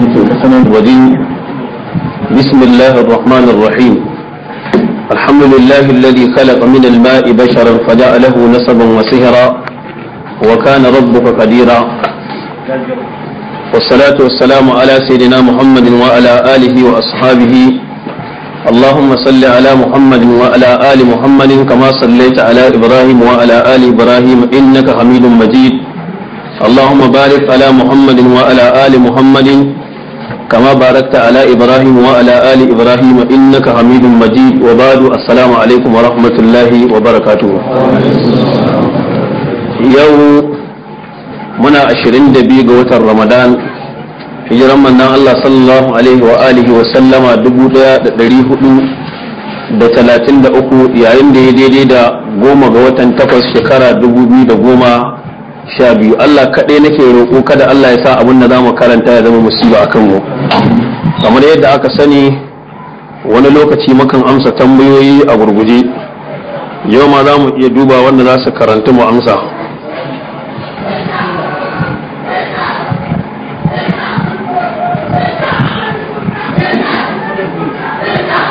في الحسن الوديع بسم الله الرحمن الرحيم الحمد لله الذي خلق من الماء بشرا فجاء له نسبا وسهرا وكان ربك قديرا والصلاة والسلام على سيدنا محمد وعلى آله وأصحابه اللهم صل على محمد وعلى آل محمد كما صليت على إبراهيم وعلى آل إبراهيم إنك حميد مجيد اللهم بارك على محمد وعلى آل محمد كما باركت على إبراهيم وعلى آل إبراهيم إنك حميد مجيد وبعد السلام عليكم ورحمة الله وبركاته يوم da biyu ga watan ramadan hijiran mannan Allah sallallahu alaihi wa alihi wa sallama dubu daya da dari hudu da talatin da uku yayin da ya daidai da goma ga watan takwas shekara dubu biyu da goma sha biyu Allah kaɗai nake roƙo kada Allah ya sa abin da za mu karanta ya zama musiba a kanmu kamar yadda aka sani wani lokaci mukan amsa tambayoyi a gurguje yau ma za mu iya duba wanda za su karanta mu amsa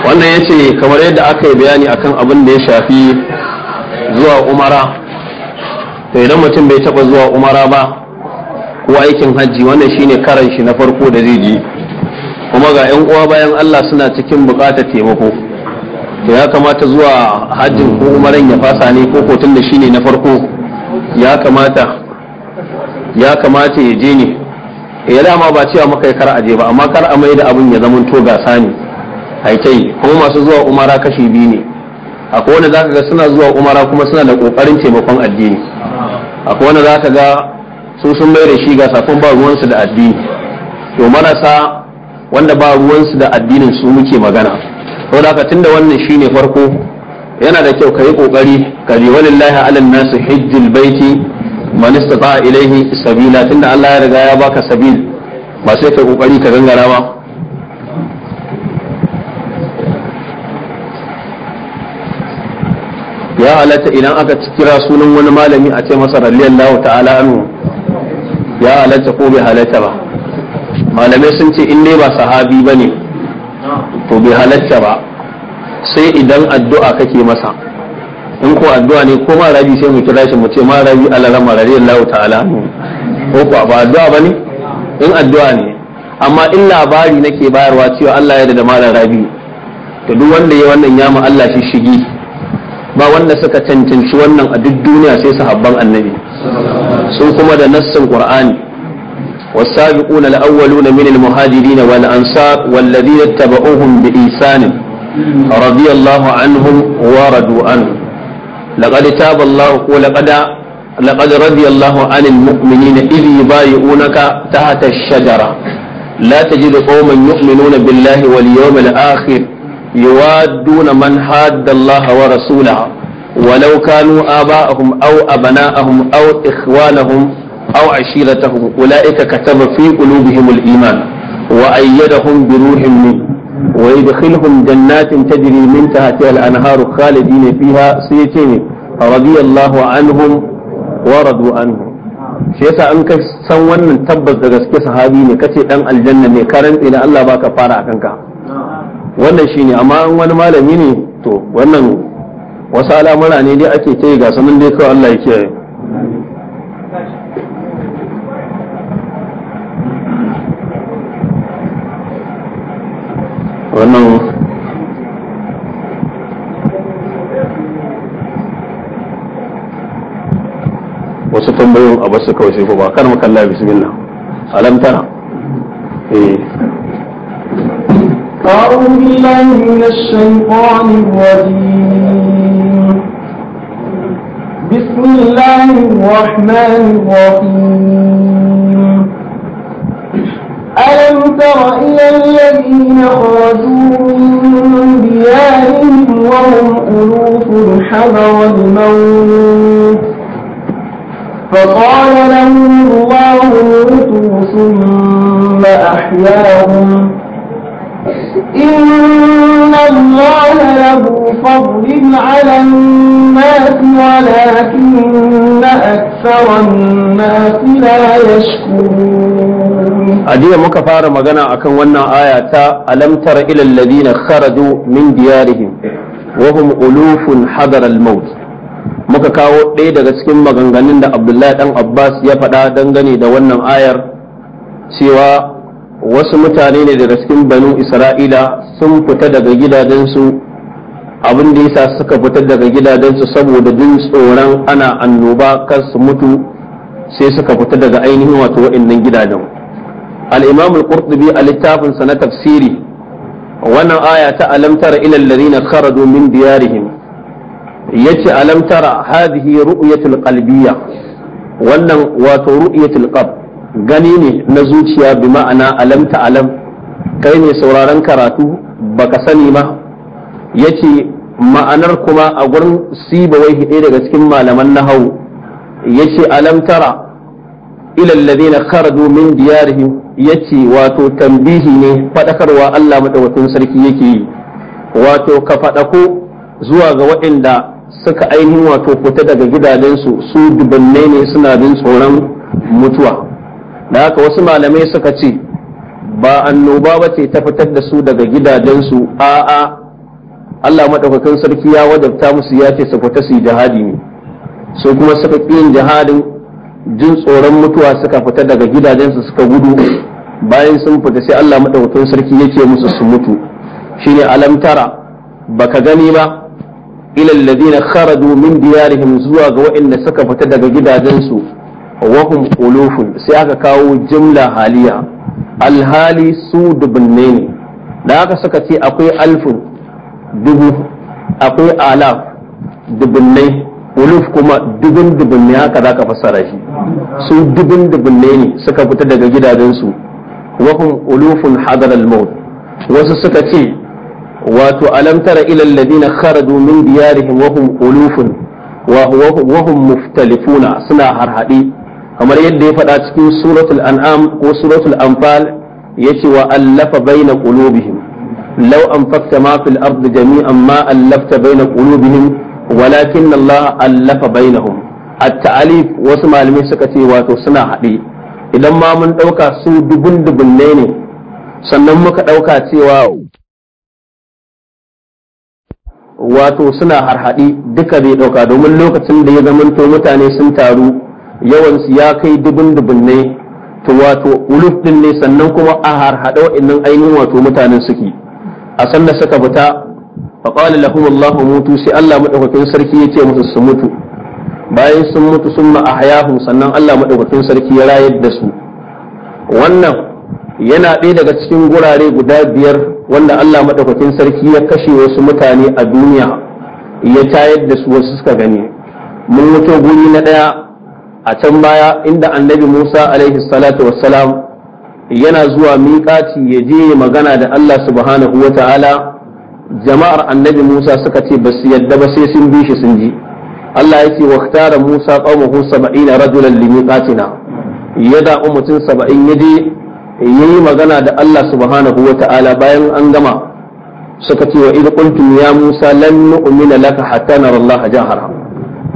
wannan ya ce kamar yadda aka yi bayani akan abin da ya shafi zuwa umara to idan mutum bai taba zuwa umara ba ko aikin hajji wannan shine karan shi na farko da zai je kuma ga 'yan uwa bayan Allah suna cikin bukatar taimako to ya kamata zuwa hajjin ko umaran ya fasa ne ko kotun da shine na farko ya kamata ya kamata ya je ne eh, ya dama ba cewa maka ya kar aje ba amma kar a mai da abin ya zama to gasa ne haikai kuma masu zuwa umara kashi biyu ne akwai wanda zaka ga suna zuwa umara kuma suna da kokarin taimakon addini akwai wanda zaka ga su sun mai da shi gasa kun ba ruwansu da addini to marasa wanda ba ruwansu da addinin su muke magana saboda haka tunda wannan shine farko yana da kyau ka yi kokari ka bi walillahi alal nasu hijjil baiti man istata ilaihi sabila tunda Allah ya riga ya baka sabil ba sai ka kokari ka gangara ba ya halatta idan aka kira sunan wani malami a ce masa radiyallahu ta'ala anhu ya halatta ko bai halatta ba malamai sun ce in dai ba sahabi ba ne to bai halatta ba sai idan addu'a kake masa in ko addu'a ne ko marabi sai mu kira shi mu ce marabi alaram radiyallahu ta'ala ko ko ba addu'a ba ne in addu'a ne amma in labari nake bayarwa cewa Allah ya da da rabi to duk wanda ya wannan ya mu Allah shi shigi ba wanda suka cancanci wannan a duk duniya sai sahabban annabi sun kuma da nassin qur'ani والسابقون الأولون من المهاجرين والأنصار والذين اتبعوهم بإحسان رضي الله عنهم وردوا عنه لقد تاب الله ولقد لقد رضي الله عن المؤمنين إذ يبايعونك تحت الشجرة لا تجد قوما يؤمنون بالله واليوم الآخر يوادون من حاد الله ورسوله ولو كانوا آباءهم أو أبناءهم أو إخوانهم aw ashiratahum ulaika kataba fi qulubihim al-iman wa ayyadahum bi ruhin min wa yadkhiluhum jannatin tajri min tahtiha al-anharu khalidin fiha sai ce ne radiyallahu anhum wa radu anhu shi yasa an ka san wannan tabbas da gaske sahabi ne kace dan aljanna ne da fara wannan amma an wani malami ne to wannan wasu alamar'a ne dai ake ta yi ga sanin dai kawai Allah ya kiyaye وأنه wasu tambayoyin a basu kawai sai ba kar makalla bismillah alam tara eh أعوذ بالله من الشيطان الرجيم بسم الله الرحمن الرحيم ألم تر إلى الذين خرجوا من ديارهم وهم ألوف حذر الموت فقال لهم الله موتوا ثم أحياهم Inna Zohen muka fara magana a kan wannan ayar ta alamtara ilallabi na kharaju mun diyarihin, wahuma ulufun hagaran maud, muka kawo ɗaya daga cikin maganganun da Abdullahi ɗan Abbas ya faɗa dangane da wannan ayar cewa. wasu mutane ne daga cikin banu isra'ila sun fita daga gidajensu abin da yasa suka fita daga gidajensu saboda jin tsoron ana annoba kar su mutu sai suka fita daga ainihin wato waɗannan gidajen al-imam al-qurtubi a littafin sa na tafsiri wannan aya ta alamtara tara ila alladhina kharaju min diyarihim yace alam tara hadhihi ru'yatul qalbiyya wannan wato ru'yatul qalb gani ne na zuciya bi ma'ana alam ta alam kai ne sauraron karatu baka sani ma yace ma'anar kuma a gurin wai hide daga cikin malaman nahawu yace alam tara ila alladhina kharaju min diyarihim yace wato tambihi ne fadakarwa Allah madawacin sarki yake yi wato ka fadako zuwa ga waɗanda suka ainihin wato fita daga gidajensu su dubanne ne suna bin tsoron mutuwa da haka wasu malamai suka ce ba annoba ba ce ta fitar da su daga gidajensu a'a Allah maɗaukakin sarki ya wadabta musu ya ce su fita su yi jihadi ne su kuma suka yin jihadin jin tsoron mutuwa suka fita daga gidajensu suka gudu bayan sun fita sai Allah maɗaukakin sarki ya ce musu su mutu shine Alamtara, ba baka gani ba ilal ladina kharaju min diyarihim zuwa ga waɗanda suka fita daga gidajensu wahum ulufun sai aka kawo jimla haliya alhali su dubunne ne da aka suka ce akwai alfun dubu akwai alaf dubunnai uluf kuma dubin dubunne haka za ka fassara shi su dubin dubunne ne suka fita daga gidajensu wahum ulufun hadar al wasu suka ce wato alamtara tara ila alladhina kharaju min diyarihim wa ulufun wa muftalifuna suna harhaɗe kamar yadda ya faɗa cikin suratul an'am ko suratul anfal yace wa allafa baina qulubihim law anfaqta ma fil ardi jami'an ma allafta baina qulubihim walakin Allah allafa bainahum at-ta'alif wasu malamai suka ce wato suna haɗe idan ma mun ɗauka su dubun dubunne ne sannan muka ɗauka cewa wato suna harhaɗi duka bai ɗauka domin lokacin da ya zamanto mutane sun taru yawansu ya kai dubun dubun ne to wato uluf din ne sannan kuma a harhaɗa waɗannan ainihin wato mutanen suke a sanda suka fita fa qala lahum Allah mutu sai Allah madaukakin sarki ya ce musu su mutu bayan sun mutu sun ma ahyahum sannan Allah madaukakin sarki ya rayar da su wannan yana ɗaya daga cikin gurare guda biyar wanda Allah madaukakin sarki ya kashe wasu mutane a duniya ya tayar da su wasu suka gani mun mutu guri na ɗaya a can baya inda annabi Musa alaihi salatu wassalam yana zuwa miƙaci ya je magana da Allah subhanahu wa ta'ala jama'ar annabi Musa suka ce ba su yadda ba sai sun bi shi sun ji Allah ya ce wa tara Musa qaumahu 70 rajulan li miqatina ya da mutum je yaje yayi magana da Allah subhanahu wa ta'ala bayan an gama suka ce wa idh ya Musa lan nu'mina laka hatta nara jahara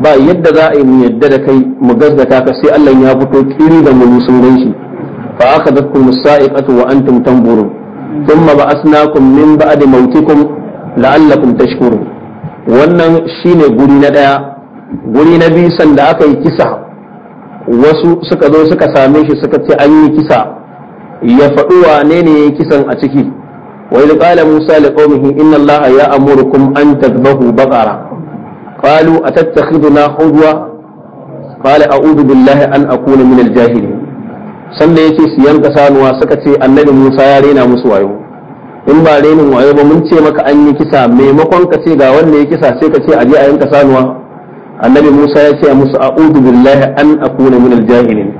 ba yadda za a yi mu yadda da kai mu gazda ka sai Allah ya fito kiri da mu sun shi fa akhadhatkum as-sa'iqatu wa antum tanburun thumma ba'asnakum min ba'di mautikum la'allakum tashkurun wannan shine guri na daya guri na biyu sanda aka yi kisa wasu suka zo suka same shi suka ce an yi kisa ya faɗu wa ne kisan a ciki wa idh qala musa liqaumihi inna allaha kum an tadhbahu baqara قالوا أتتخذنا هزوا قال أعوذ بالله أن أكون من الجاهلين sanda ya ce siyan sanuwa, suka ce annabi musa ya rena musu wayo in ba renin wayo ba mun ce maka an yi kisa maimakon ka ce ga wanda ya kisa sai ka ce aje a yanka sanuwa annabi musa ya ce musu a'udhu billahi an akuna min aljahilin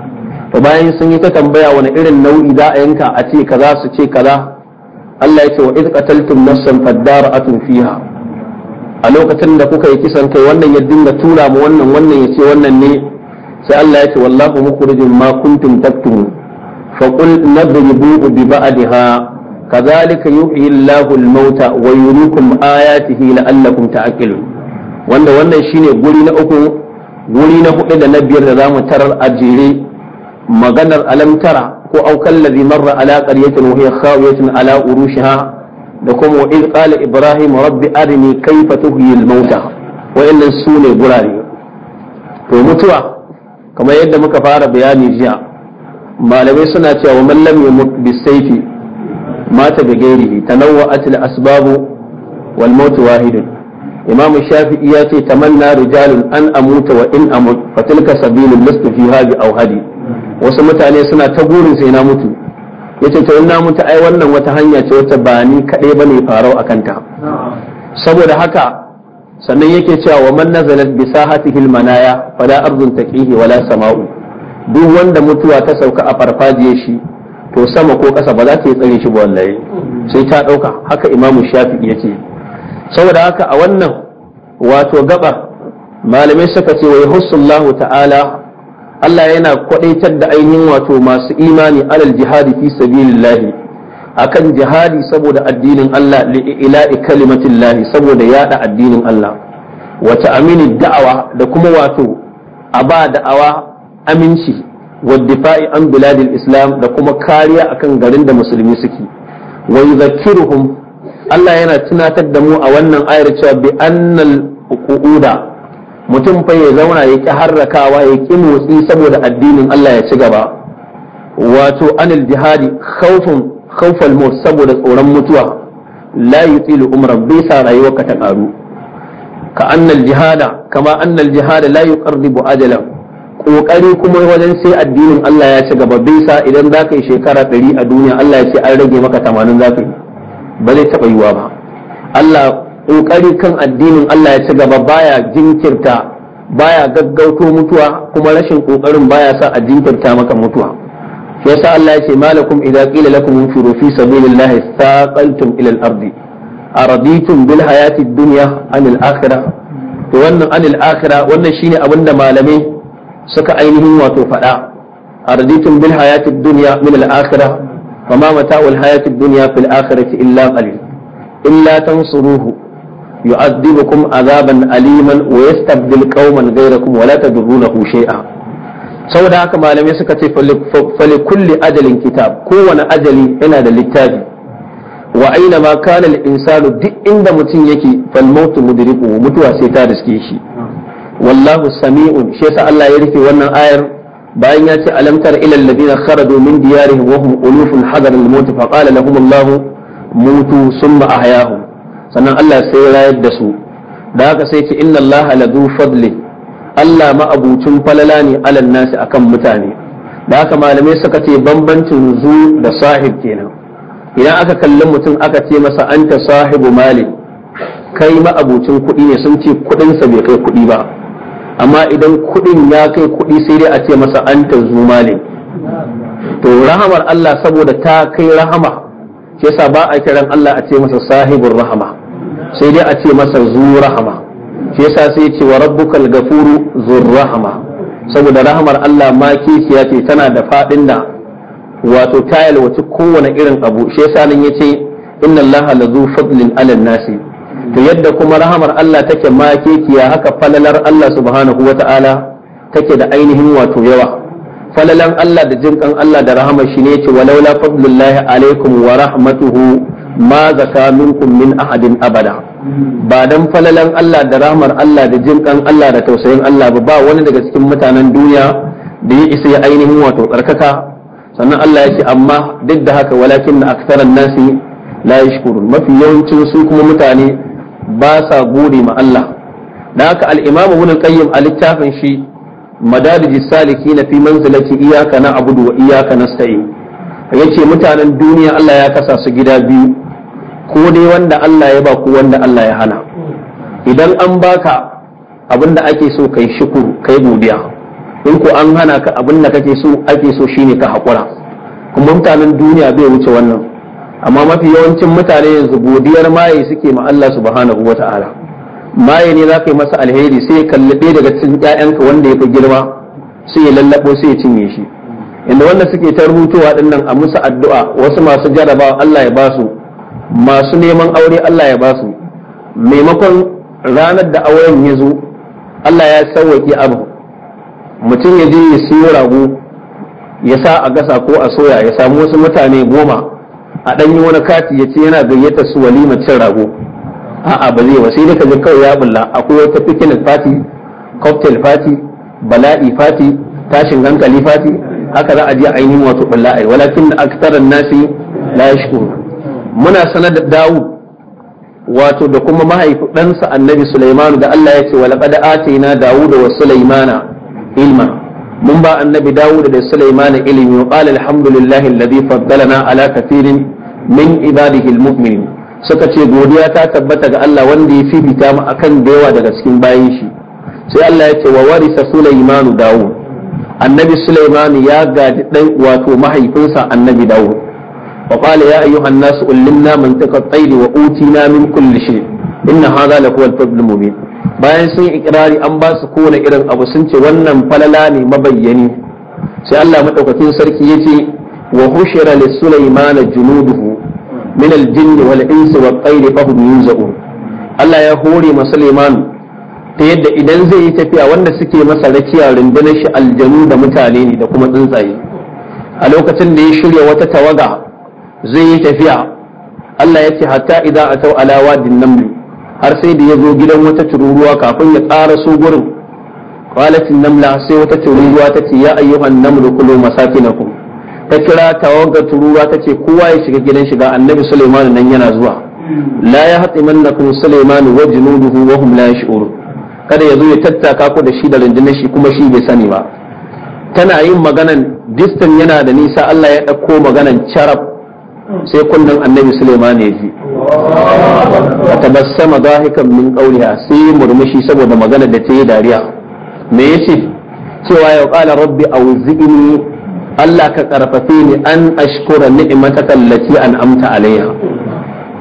to bayan sun yi ta tambaya wani irin nau'i za a yanka a ce kaza su ce kaza Allah ya ce wa idh qataltum nafsan fadara'atun fiha a lokacin da kuka yi kisan kai wannan ya dinga tura mu wannan wannan ya ce wannan ne sai Allah ya ce wallahu mukhrijum ma kuntum taktumun fa qul nadribu bi ba'daha kadhalika yuhyi Allahu al-mauta wa yuriikum ayatihi la'allakum ta'qilun wanda wannan shine guri na uku guri na hudu da na biyar da zamu tarar a jere maganar alamtara ko aukan ladhi marra ala qaryatin wa hiya khawiyatun ala urushiha da kuma wa iz qala ibrahim rabbi arini kayfa tuhyil mauta wa'annan sune gurare to mutuwa kamar yadda muka fara bayani jiya malamai suna cewa wa man lam yamut bisayfi mata bi ghairihi tanawwa'at al asbabu wal maut wahidun imam shafi'i ya ce tamanna rijalun an amuta wa in amut fatilka sabilul listu fiha bi awhadi wasu mutane suna ta burin sai na mutu yace to in na mutu ai wannan wata hanya ce wata ba ni kaɗai ba ne farau akan ta saboda haka sannan yake cewa wa man nazalat bi sahatihi al manaya fala ardun taqihi wala sama'u duk wanda mutuwa ta sauka a farfajiye shi to sama ko ƙasa ba za ta yi tsare shi ba wallahi sai ta ɗauka haka imamu shafi'i yace saboda haka a wannan wato gaba malamai suka ce wa yahussullahu ta'ala Allah yana kwadaitar da ainihin wato masu imani alal jihadi fi sabilillahi akan jihadi saboda addinin Allah li ila'i kalimatillahi saboda yada addinin Allah wata amini da'awa da kuma wato a ba da'awa aminci wa difa'i an biladil islam da kuma kariya akan garin da musulmi suke wa yuzakkiruhum Allah yana tunatar da mu a wannan ayar cewa bi annal uquda mutum fa ya zauna ya ƙi harrakawa ya ƙi motsi saboda addinin Allah ya ci gaba wato anil jihadi khawfun khawfal saboda tsoron mutuwa la yutilu umran bai sa rayuwarka ta karu ka annal jihada kama annal jihada la yuqarribu ajalan kokari kuma wajen sai addinin Allah ya ci gaba bai sa idan za ka yi shekara ɗari a duniya Allah ya ce an rage maka tamanin za ka yi ba zai taɓa yiwa ba Allah ƙoƙari kan addinin Allah ya ci gaba baya jinkirta baya gaggauto mutuwa kuma rashin ƙoƙarin baya sa a jinkirta maka mutuwa shi yasa Allah ya ce malakum idza qila lakum infiru fi sabilillahi thaqaltum ila al-ardi araditum bil hayati dunya anil akhirah to wannan anil akhirah wannan shine abin da malamai suka ainihin wato faɗa araditum bil hayati dunya min al-akhirah fama mata'ul hayati dunya fil akhirati illa qalil illa tansuruhu yu'adhibukum azaban aliman wa yastabdil qauman ghayrakum wa la tadrunahu saboda haka malamai suka ce fali kulli ajalin kitab kowane ajali yana da littafi wa aina ma kana al-insanu duk inda mutum yake fal mautu mudriku mutuwa sai ta riske shi wallahu sami'un shi yasa Allah ya rufe wannan ayar bayan ya ce alam tara ila alladhina kharaju min diyarihim wa hum ulufun hadar al-maut fa qala lahum Allah mutu summa ahyahum sannan Allah sai rayar da su da haka sai ce inna Allah ladu fadli Allah ma'abucin falala ne alal nasi akan mutane da haka malamai suka ce bambancin zu da sahib kenan idan aka kalli mutum aka ce masa anta sahibu mali kai ma'abucin kuɗi ne sun ce kuɗinsa bai kai kuɗi ba amma idan kuɗin ya kai kuɗi sai dai a ce masa anta zu mali to rahamar Allah saboda ta kai rahama shi yasa ba a kiran Allah a ce masa sahibur rahama sai dai a ce masa zu rahama shi yasa sai ce wa rabbukal gafuru zur rahama saboda rahamar Allah ma kiciya ce tana da fadin da wato tayal wace kowane irin abu shi yasa nan yace inna Allah la zu fadlin alal nasi to yadda kuma rahamar Allah take ma kiciya haka falalar Allah subhanahu wata'ala take da ainihin wato yawa falalan Allah da jinkan Allah da rahamar shi ne ce walaula fadlullahi alaikum wa rahmatuhu ma zaka minkum min ahadin abada ba dan falalen Allah da rahmar Allah da jin kan Allah da tausayin Allah ba ba wani daga cikin mutanen duniya da ya isa ya ainihin wato tsarkaka sannan Allah ya ce amma duk da haka walakin na aktaran nasi la yashkurun mafi yawancin su kuma mutane ba sa gode ma Allah da haka al-Imam Ibn al a littafin shi madarij saliki na fi manzilati iyaka na abudu wa iyaka nasta'in yace mutanen duniya Allah ya kasa su gida biyu ko dai wanda Allah ya ba ko wanda Allah ya hana idan an baka abin da ake so kai shukuru kai godiya in ko an hana ka abin da kake so ake so shine ka hakura kuma mutanen duniya bai wuce wannan amma mafi yawancin mutane yanzu godiyar maye suke ma Allah subhanahu wata'ala maye ne zaka yi masa alheri sai ya kalli ɗaya daga cikin ƴaƴanka wanda ya fi girma sai ya lallabo sai ya cinye shi inda wanda suke ta rubutowa dinnan a musu addu'a wasu masu jarabawa Allah ya ba su masu neman aure Allah ya ba su maimakon ranar da auren ya zo Allah ya sauwaƙi abu mutum ya je ya siyo rago ya sa a gasa ko a soya ya samu wasu mutane goma a ɗan yi wani kati ya ce yana gayyata su walima cin rago a'a ba zai ba sai dai ga kawai ya bulla akwai wata picnic fati, cocktail fati, bala'i fati, tashin hankali fati. haka za a je ainihin wato bulla ai walakin aktaran nasi la yashkurun muna sanar da Dawud wato da kuma mahaifi ɗansa annabi Sulaimanu da Allah ya ce wa laqad atina Dawuda wa Sulaimana ilma mun ba annabi Dawuda da Sulaimana ilimi wa qala alhamdulillahi alladhi faddalana ala kathirin min ibadihi almu'minin suka ce godiya ta tabbata ga Allah wanda ya fifita mu akan da yawa daga cikin bayan shi sai Allah ya ce wa warisa Sulaimanu Dawud annabi Sulaimanu ya gadi dan wato mahaifinsa annabi Dawud فقال يا أيها الناس علمنا منطق الطير وأوتينا من كل شيء إن هذا لهو الفضل المبين bayan sun yi ikirari an ba su kowane irin abu sun ce wannan falala ne mabayyani sai Allah madaukakin sarki ya ce. wa hushira li sulaymana junuduhu min al-jinn wal insi wa tayr fa hum yunzaun Allah ya hore ma Sulaiman ta yadda idan zai yi tafiya wanda suke masa rakiya rundunar shi aljanu da mutane ne da kuma tsuntsaye a lokacin da ya shirya wata tawaga zai yi tafiya Allah ya ce hatta idza atau ala wadin naml har sai da ya zo gidan wata tururuwa kafin ya tsara su gurin qalat namla sai wata tururuwa ta ce ya ayyuhan namlu kulu masakinakum ta kira tawagar tururuwa ta ce kowa ya shiga gidan shiga annabi Sulaiman nan yana zuwa la ya hatimannakum Sulaiman wa junuduhu wa hum la yash'urun kada yazo ya tattaka ku da shi da rundunar shi kuma shi bai sani ba tana yin maganan distan yana da nisa Allah ya ɗauko maganan carab sai kunnen annabi Suleiman ya ji a tabassama zahikan min qawliha sai murmushi saboda magana da ta yi dariya me yace cewa ya qala rabbi awzi'ni Allah ka karfafe ni an ashkura kallaci an an'amta alaiha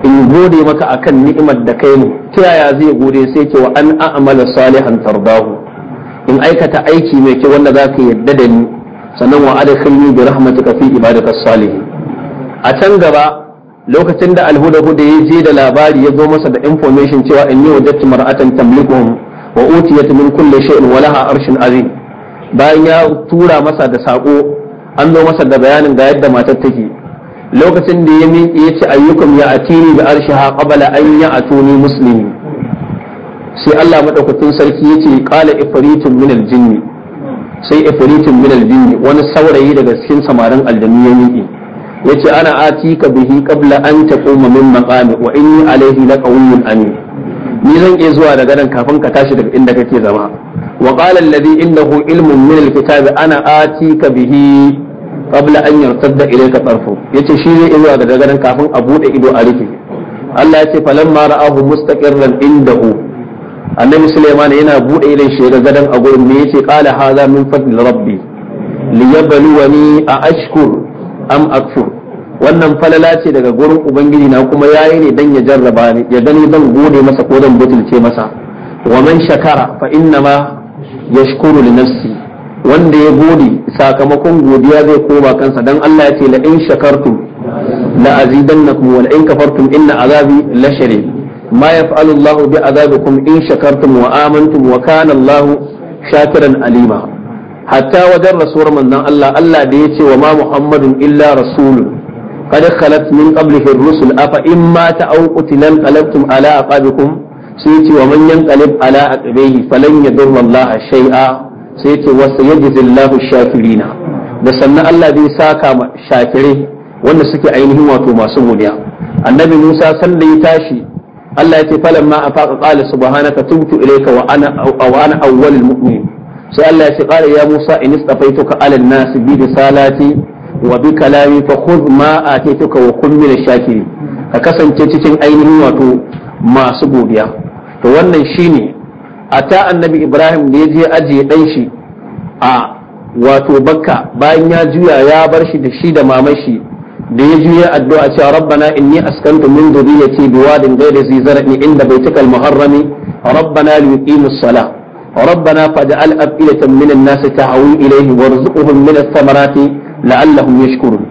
in gode maka akan ni'imar da kai mu ta yaya zai gode sai ce wa an a'mala salihan tardahu in aikata aiki mai kyau wanda zaka yarda da ni sannan wa adkhilni bi rahmatika fi ibadika salihin a can gaba lokacin da alhuda-huda ya je da labari ya zo masa da information cewa in yi wajattu mar'atan tamlikuhum wa utiyat min kulli shay'in wa laha arshin azim bayan ya tura masa da sako an zo masa da bayanin ga yadda matar take lokacin da ya miƙe ya ce ayyukum ya atini bi arshiha qabla an a atuni muslimi sai Allah madaukakin sarki yace qala ifritun min aljinni sai ifritun min jinni wani saurayi daga cikin samarin aljanni ya miƙe yace ana atika bihi qabla an taquma min maqami wa inni alayhi laqawiyyun amin ni zan iya zuwa daga nan kafin ka tashi daga inda kake zama wa qala alladhi innahu ilmun min alkitabi ana atika bihi qabla an yartadda ilayka tarfu yace shi zai iya zuwa daga nan kafin a bude ido a rufe Allah ya ce falamma ra'ahu mustaqirran indahu annabi Sulaiman yana bude idan shi gadan a gurin me yace qala hadha min fadli rabbi liyabluwani a ashkur am akfur wannan falala ce daga gurin ubangiji na kuma yayi ne dan ya jarraba ni ya gani zan gode masa ko dan butulce masa wa man shakara fa innama yashkuru li nafsi wanda ya gode sakamakon godiya zai koma kansa dan Allah ya ce la in shakartum la azidannakum wa la in kafartum inna azabi la shadid ma yaf'alu Allah bi azabikum in shakartum wa amantum wa kana shakiran alima hatta wajen rasuwar manzon Allah Allah da ya ce wa ma Muhammadu illa rasulun qad khalat min qablihi ar afa in ma ta'aw qutilan qalabtum ala aqabikum sai ce wa man yanqalib ala aqibihi falan yadurra Allah shai'a, sai ce wa sayajzi Allahu shafirina da sannan Allah zai sa ma shafire wanda suke ainihin wato masu godiya annabi Musa sanda ya tashi Allah ya ce falamma afaqa qala subhanaka tubtu ilayka wa ana wa ana awwalul mu'minin sai Allah ya ce qala ya Musa in istafaituka ala an-nas bi risalati wa bi kalami fa khudh ma atituka wa kun min ash-shakirin ka kasance cikin ainihin wato masu godiya to wannan shine ata annabi Ibrahim da ya je ajiye dan shi a wato bakka bayan ya juya ya bar shi da shi da maman shi da ya juya addu'a cewa rabbana inni askantu min dhurriyyati biwadin ghayri zi zar'i inda baitikal muharrami rabbana liyuqimus salah ربنا فاجعل أفئدة من الناس تهوي إليه وارزقهم من الثمرات لعلهم يشكرون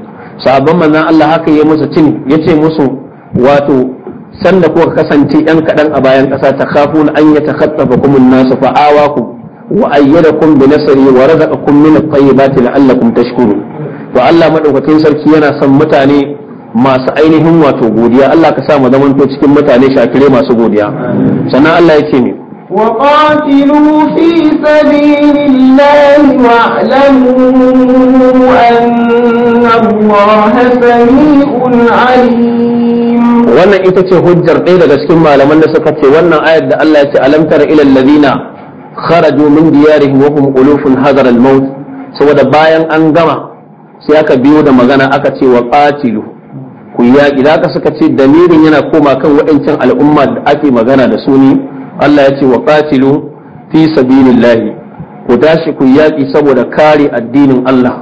sabon manzan Allah haka ya musu cin ya ce musu wato sanda kuka kasance yan kaɗan a bayan ƙasa ta kafu an ta takhattafa kumin nasu fa'awa ku, wa kun bi nasri wa razaqakum min tayyibati la'allakum tashkurun to Allah madaukakin sarki yana son mutane masu ainihin wato godiya Allah ka sa mu zamanto cikin mutane shakire masu godiya sannan Allah ya ce ne وقاتلوا في سبيل الله واعلموا أن الله سميع عليم wannan ita ce hujjar ɗaya daga cikin malaman da suka ce wannan ayar da Allah ya ce alamtar ila alladhina kharaju min diyarihim wa hum ulufun hadar al-maut saboda bayan an gama sai aka biyo da magana aka ce wa qatilu ku yaki da aka suka ce damirin yana koma kan waɗancan al'umma da ake magana da su ne Allah ya ce wa qatilu fi sabilillahi ku tashi ku yaki saboda kare addinin Allah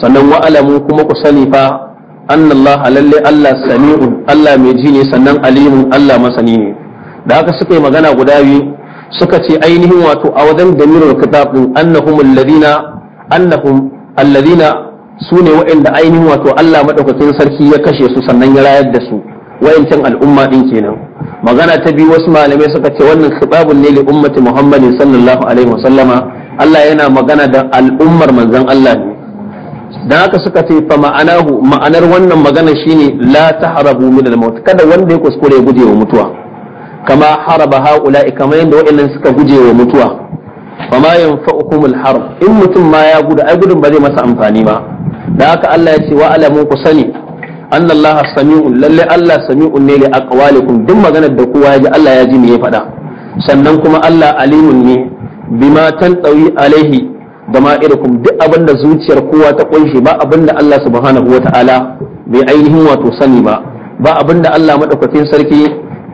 sannan wa'alamu kuma ku sani fa annallah lalle Allah sami'un Allah mai ji ne sannan alimun Allah masani ne da haka suka yi magana guda biyu suka ce ainihin wato a wajen damirul kitab din annahum alladhina annahum alladhina sune waanda ainihin wato Allah madaukakin sarki ya kashe su sannan ya rayar da su wayancin al'umma din kenan magana ta biyu wasu malamai suka ce wannan khitabun ne li ummati muhammadin sallallahu alaihi wasallama Allah yana magana da al'ummar manzon Allah ne dan haka suka ce fa ma'anahu ma'anar wannan magana shine la tahrabu min al-maut kada wanda ya kuskure guje wa mutuwa kama haraba haula kamar yadda wa'annan suka guje wa mutuwa fa ma yanfa'ukum al-harb in mutum ma ya gudu ai gudun ba zai masa amfani ba dan haka Allah ya ce wa alamu ku sani anna allaha sami'un lalle allah sami'un ne li aqwalikum duk maganar da kowa ya ji allah ya ji mu ya faɗa sannan kuma allah alimu ne bima tantawi alaihi da ma'irikum duk abinda zuciyar kowa ta kunshe ba abin da allah subhanahu wata'ala bai ainihin wato sani ba ba abin da allah madaukakin sarki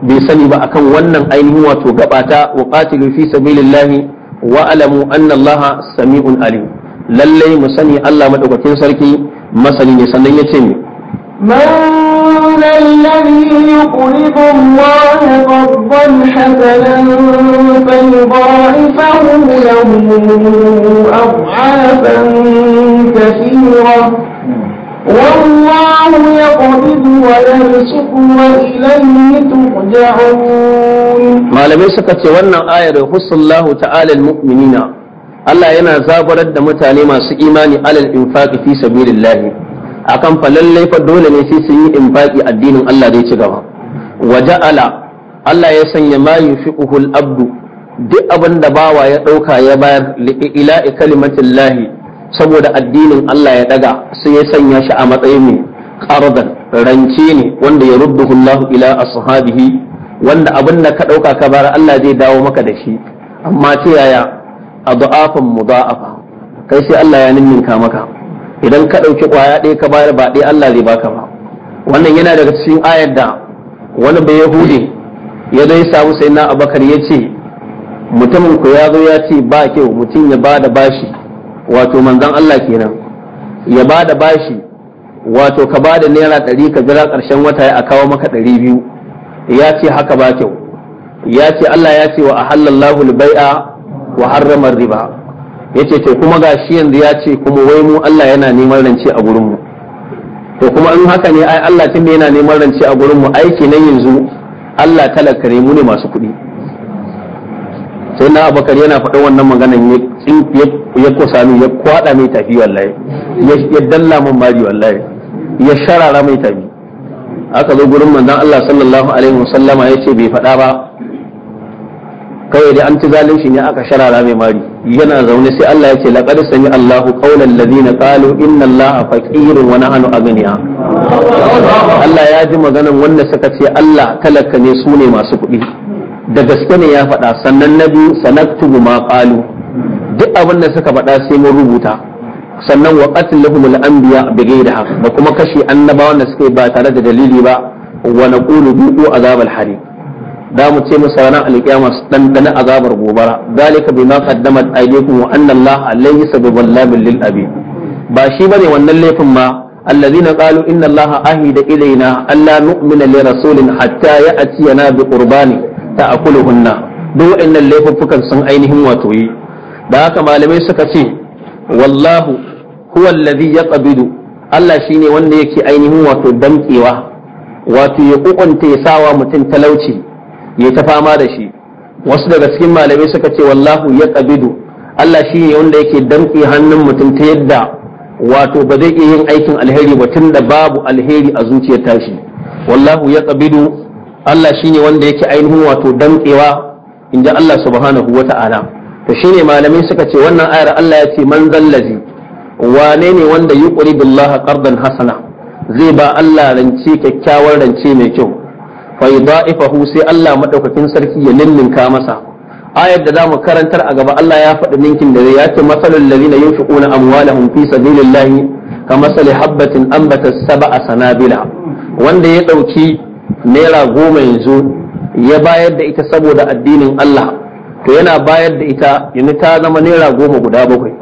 bai sani ba akan wannan ainihin wato gabata wa qatilu fi sabilillahi wa alamu anna allaha sami'un alim lallai mu sani allah maɗaukakin sarki masani ne sannan ya ce ne من الذي يقرض الله قرضا حسنا فيضاعفه له أضعافا كثيرة والله يقبض ويرزق وإليه ترجعون ما لم يسكت وانا آية يخص الله تعالى المؤمنين الله ينا زابرد da mutane masu على الإنفاق في سبيل الله akan fa lallai fa dole ne sai sun yi infaki addinin Allah zai ci gaba wa ja'ala Allah ya sanya ma yufiquhu al-abdu duk abin da bawa ya dauka ya bayar ila kalimatin lahi saboda addinin Allah ya daga sai ya sanya shi a matsayin mai qardan rance ne wanda ya rudduhu Allah ila ashabihi wanda abin da ka dauka ka bara, Allah zai dawo maka da shi amma ta yaya a du'afan mudha'afa kai sai Allah ya ninninka maka idan ka ɗauki kwaya ɗaya ka bayar ba ɗaya Allah zai baka ba wannan yana daga cikin ayar da wani bai yahudi ya zai samu sai na abakar ya ce mutumin ku ya zo ya ce ba kyau mutum ya ba da bashi wato manzan Allah kenan ya ba da bashi wato ka ba da naira ɗari ka jira ƙarshen wata ya a kawo maka ɗari biyu ya ce haka ba kyau ya ce Allah ya ce wa ahallallahu al-bai'a wa harrama riba yace to kuma gashi yanzu ya ce kuma wai mu Allah yana neman rance a gurin mu to kuma in haka ne ai Allah tun da yana neman rance a gurin mu aiki na yanzu Allah talaka ne mu ne masu kuɗi sai na abakar yana faɗa wannan maganan ya kusa ya kwaɗa mai tafi wallahi ya dalla min mari wallahi ya sharara mai tafi aka zo gurin manzon Allah sallallahu alaihi wasallama yace bai faɗa ba kai da an ci zalunci ne aka sharara mai mari yana zaune sai Allah ya ce laqad sami Allahu qawlan ladina qalu inna Allaha faqirun wa nahnu aghniya Allah ya ji maganan wanda suka ce Allah talaka ne su ne masu kuɗi da gaske ne ya faɗa sannan na biyu sanaktubu ma qalu duk abin da suka faɗa sai mun rubuta sannan wa qatluhum al-anbiya bighayri haqq da kuma kashe annaba da suka yi ba tare da dalili ba wa naqulu bi'u azabal hari. da mu ce masa ranar alƙiyama su ɗanɗana azabar gobara zalika bima qaddamat aydikum wa anna allaha laysa biwallamin lil abid ba shi bane wannan laifin ma alladhina qalu inna allaha ahida ilaina alla nu'mina li rasulin hatta ya'tiyana bi qurbani ta'kuluhunna duk wa'annan laifuffukan sun ainihin wato yi da haka malamai suka ce wallahu huwa alladhi yaqbidu Allah shine wanda yake ainihin wato damkewa wato ya kukunta ya sawa mutum talauci ya ta fama da shi wasu daga cikin malamai suka ce wallahu ya qabidu Allah shi ne wanda yake damƙe hannun mutum ta yadda wato ba zai iya yin aikin alheri ba tun da babu alheri a zuciyar tashi wallahu ya qabidu Allah shi ne wanda yake ainihin wato damƙewa in ji Allah subhanahu wa ta'ala to shi ne malamai suka ce wannan ayar Allah ya ce man zallazi wane ne wanda biLlaha qardan hasana zai ba Allah rance kyakkyawar rance mai kyau fa hu sai Allah madaukakin sarki ya ninninka masa ayar da zamu karantar a gaba Allah ya faɗi ninkin da ya ce masalul ladina yunfiquna amwalahum fi sabilillahi kamasali habbatin ambata sab'a sanabila wanda ya dauki naira goma yanzu ya bayar da ita saboda addinin Allah to yana bayar da ita yanzu ta zama naira goma guda bakwai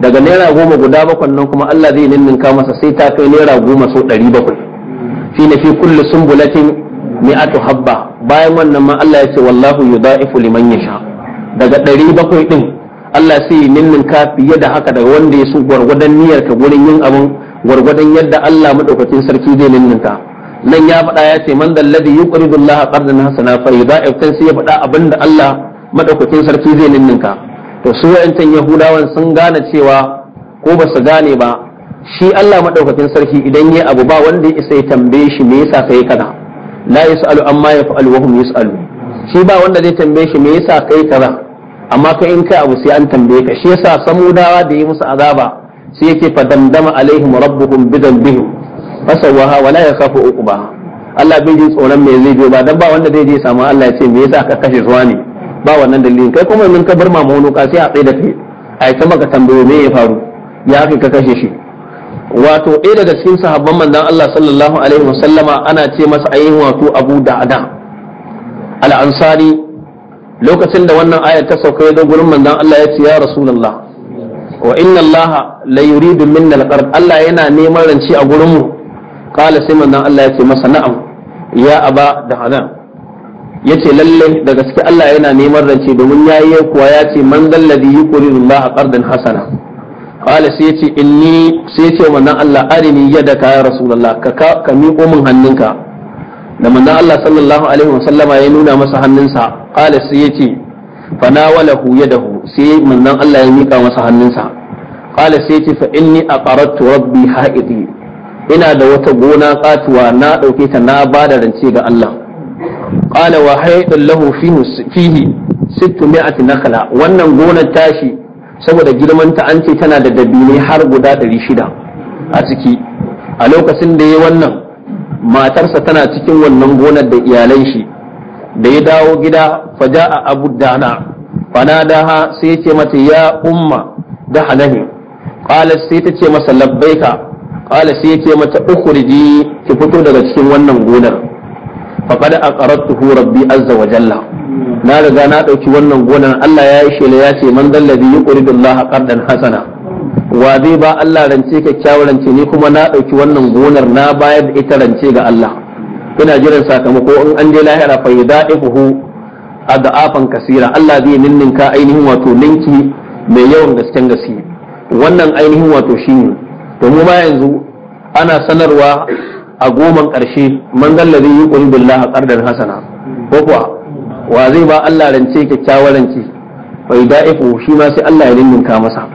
daga naira goma guda bakwai nan kuma Allah zai ninninka masa sai ta kai naira goma so ɗari bakwai shi ne fi kulli sumbulatin mi'atu habba bayan wannan ma Allah ya ce wallahu yudaifu liman yasha daga 700 din Allah sai ya ninninka fiye da haka daga wanda ya so gwargwadon niyyar ka gurin yin abin gwargwadon yadda Allah madaukakin sarki zai ka. nan ya faɗa ya ce man dalladhi yuqridu Allah qardan hasana fa yudaif kan sai ya faɗa abinda Allah madaukakin sarki zai ninninka to su wayancan yahudawan sun gane cewa ko ba su gane ba shi Allah madaukakin sarki idan ya abu ba wanda ya isa ya tambaye shi me yasa sai kaza la yas'alu amma yaf'alu wa hum yas'alu shi ba wanda zai tambaye shi me yasa kai kaza amma kai in kai abu sai an tambaye ka shi yasa samudawa da yi musu azaba sai yake fa damdama alaihim rabbuhum bi dhanbihim fasawaha wala yakhafu uquba Allah bai ji tsoron me zai biyo ba dan ba wanda zai je samu Allah ya ce me yasa ka kashe zuwa ne ba wannan dalilin kai kuma mun ka bar mamuno ka sai a tsaye da kai a yi ta maka tambaye me ya faru ya kai ka kashe shi wato ɗaya daga cikin sahabban manzon Allah sallallahu alaihi wasallama ana ce masa ainihin wato Abu Da'da al-Ansari lokacin da wannan ayar ta sauka da gurin manzon Allah ya ce ya Rasulullah wa inna Allah la yuridu minna al-qard Allah yana neman rance a gurin mu qala sai manzon Allah ya ce masa na'am ya aba da ya ce lalle da gaske Allah yana neman rance domin yayi kuwa ya ce man dalladhi yuqridu Allah qardan hasana qala sai yace inni sai yace manzon Allah arini yadaka ya rasulullah ka ka miƙo min hannunka da manzon Allah sallallahu alaihi wasallama ya nuna masa hannunsa qala sai yace fanawalahu yadahu sai manzon Allah ya miƙa masa hannunsa qala sai yace fa inni aqarattu rabbi haidi ina da wata gona katuwa na dauke ta na bada rance ga Allah qala wa haidun lahu fihi 600 nakala wannan gonar tashi saboda girman ta an ce tana da dabinai har guda ɗari shida a ciki a lokacin da ya wannan matarsa tana cikin wannan gonar da iyalai shi da ya dawo gida faja a abu dana fana ha sai ce mata ya umma da hanahi ƙalas sai ta ce masa labbaika ƙalas sai ya ce mata ukuriji ki fito daga cikin wannan gonar faqad hu rabbi azza wa jalla na riga na ɗauki wannan gonan Allah ya yi shela ya ce man dallazi yuqridu Allah qardan hasana wa zai ba Allah rance kyakkyawar rance ni kuma na ɗauki wannan gonar na bayar da ita rance ga Allah ina jiran sakamako in an je lahira fa a adafan kasira Allah zai ninninka ainihin wato ninki mai yawan gasken gaske wannan ainihin wato shine to mu ma yanzu ana sanarwa a goman ƙarshe man zai yi ƙuri billah a ƙardar hasana ko kuwa wa zai ba Allah rance kyakkyawar rance bai da'ifu shi ma sai Allah ya nininka masa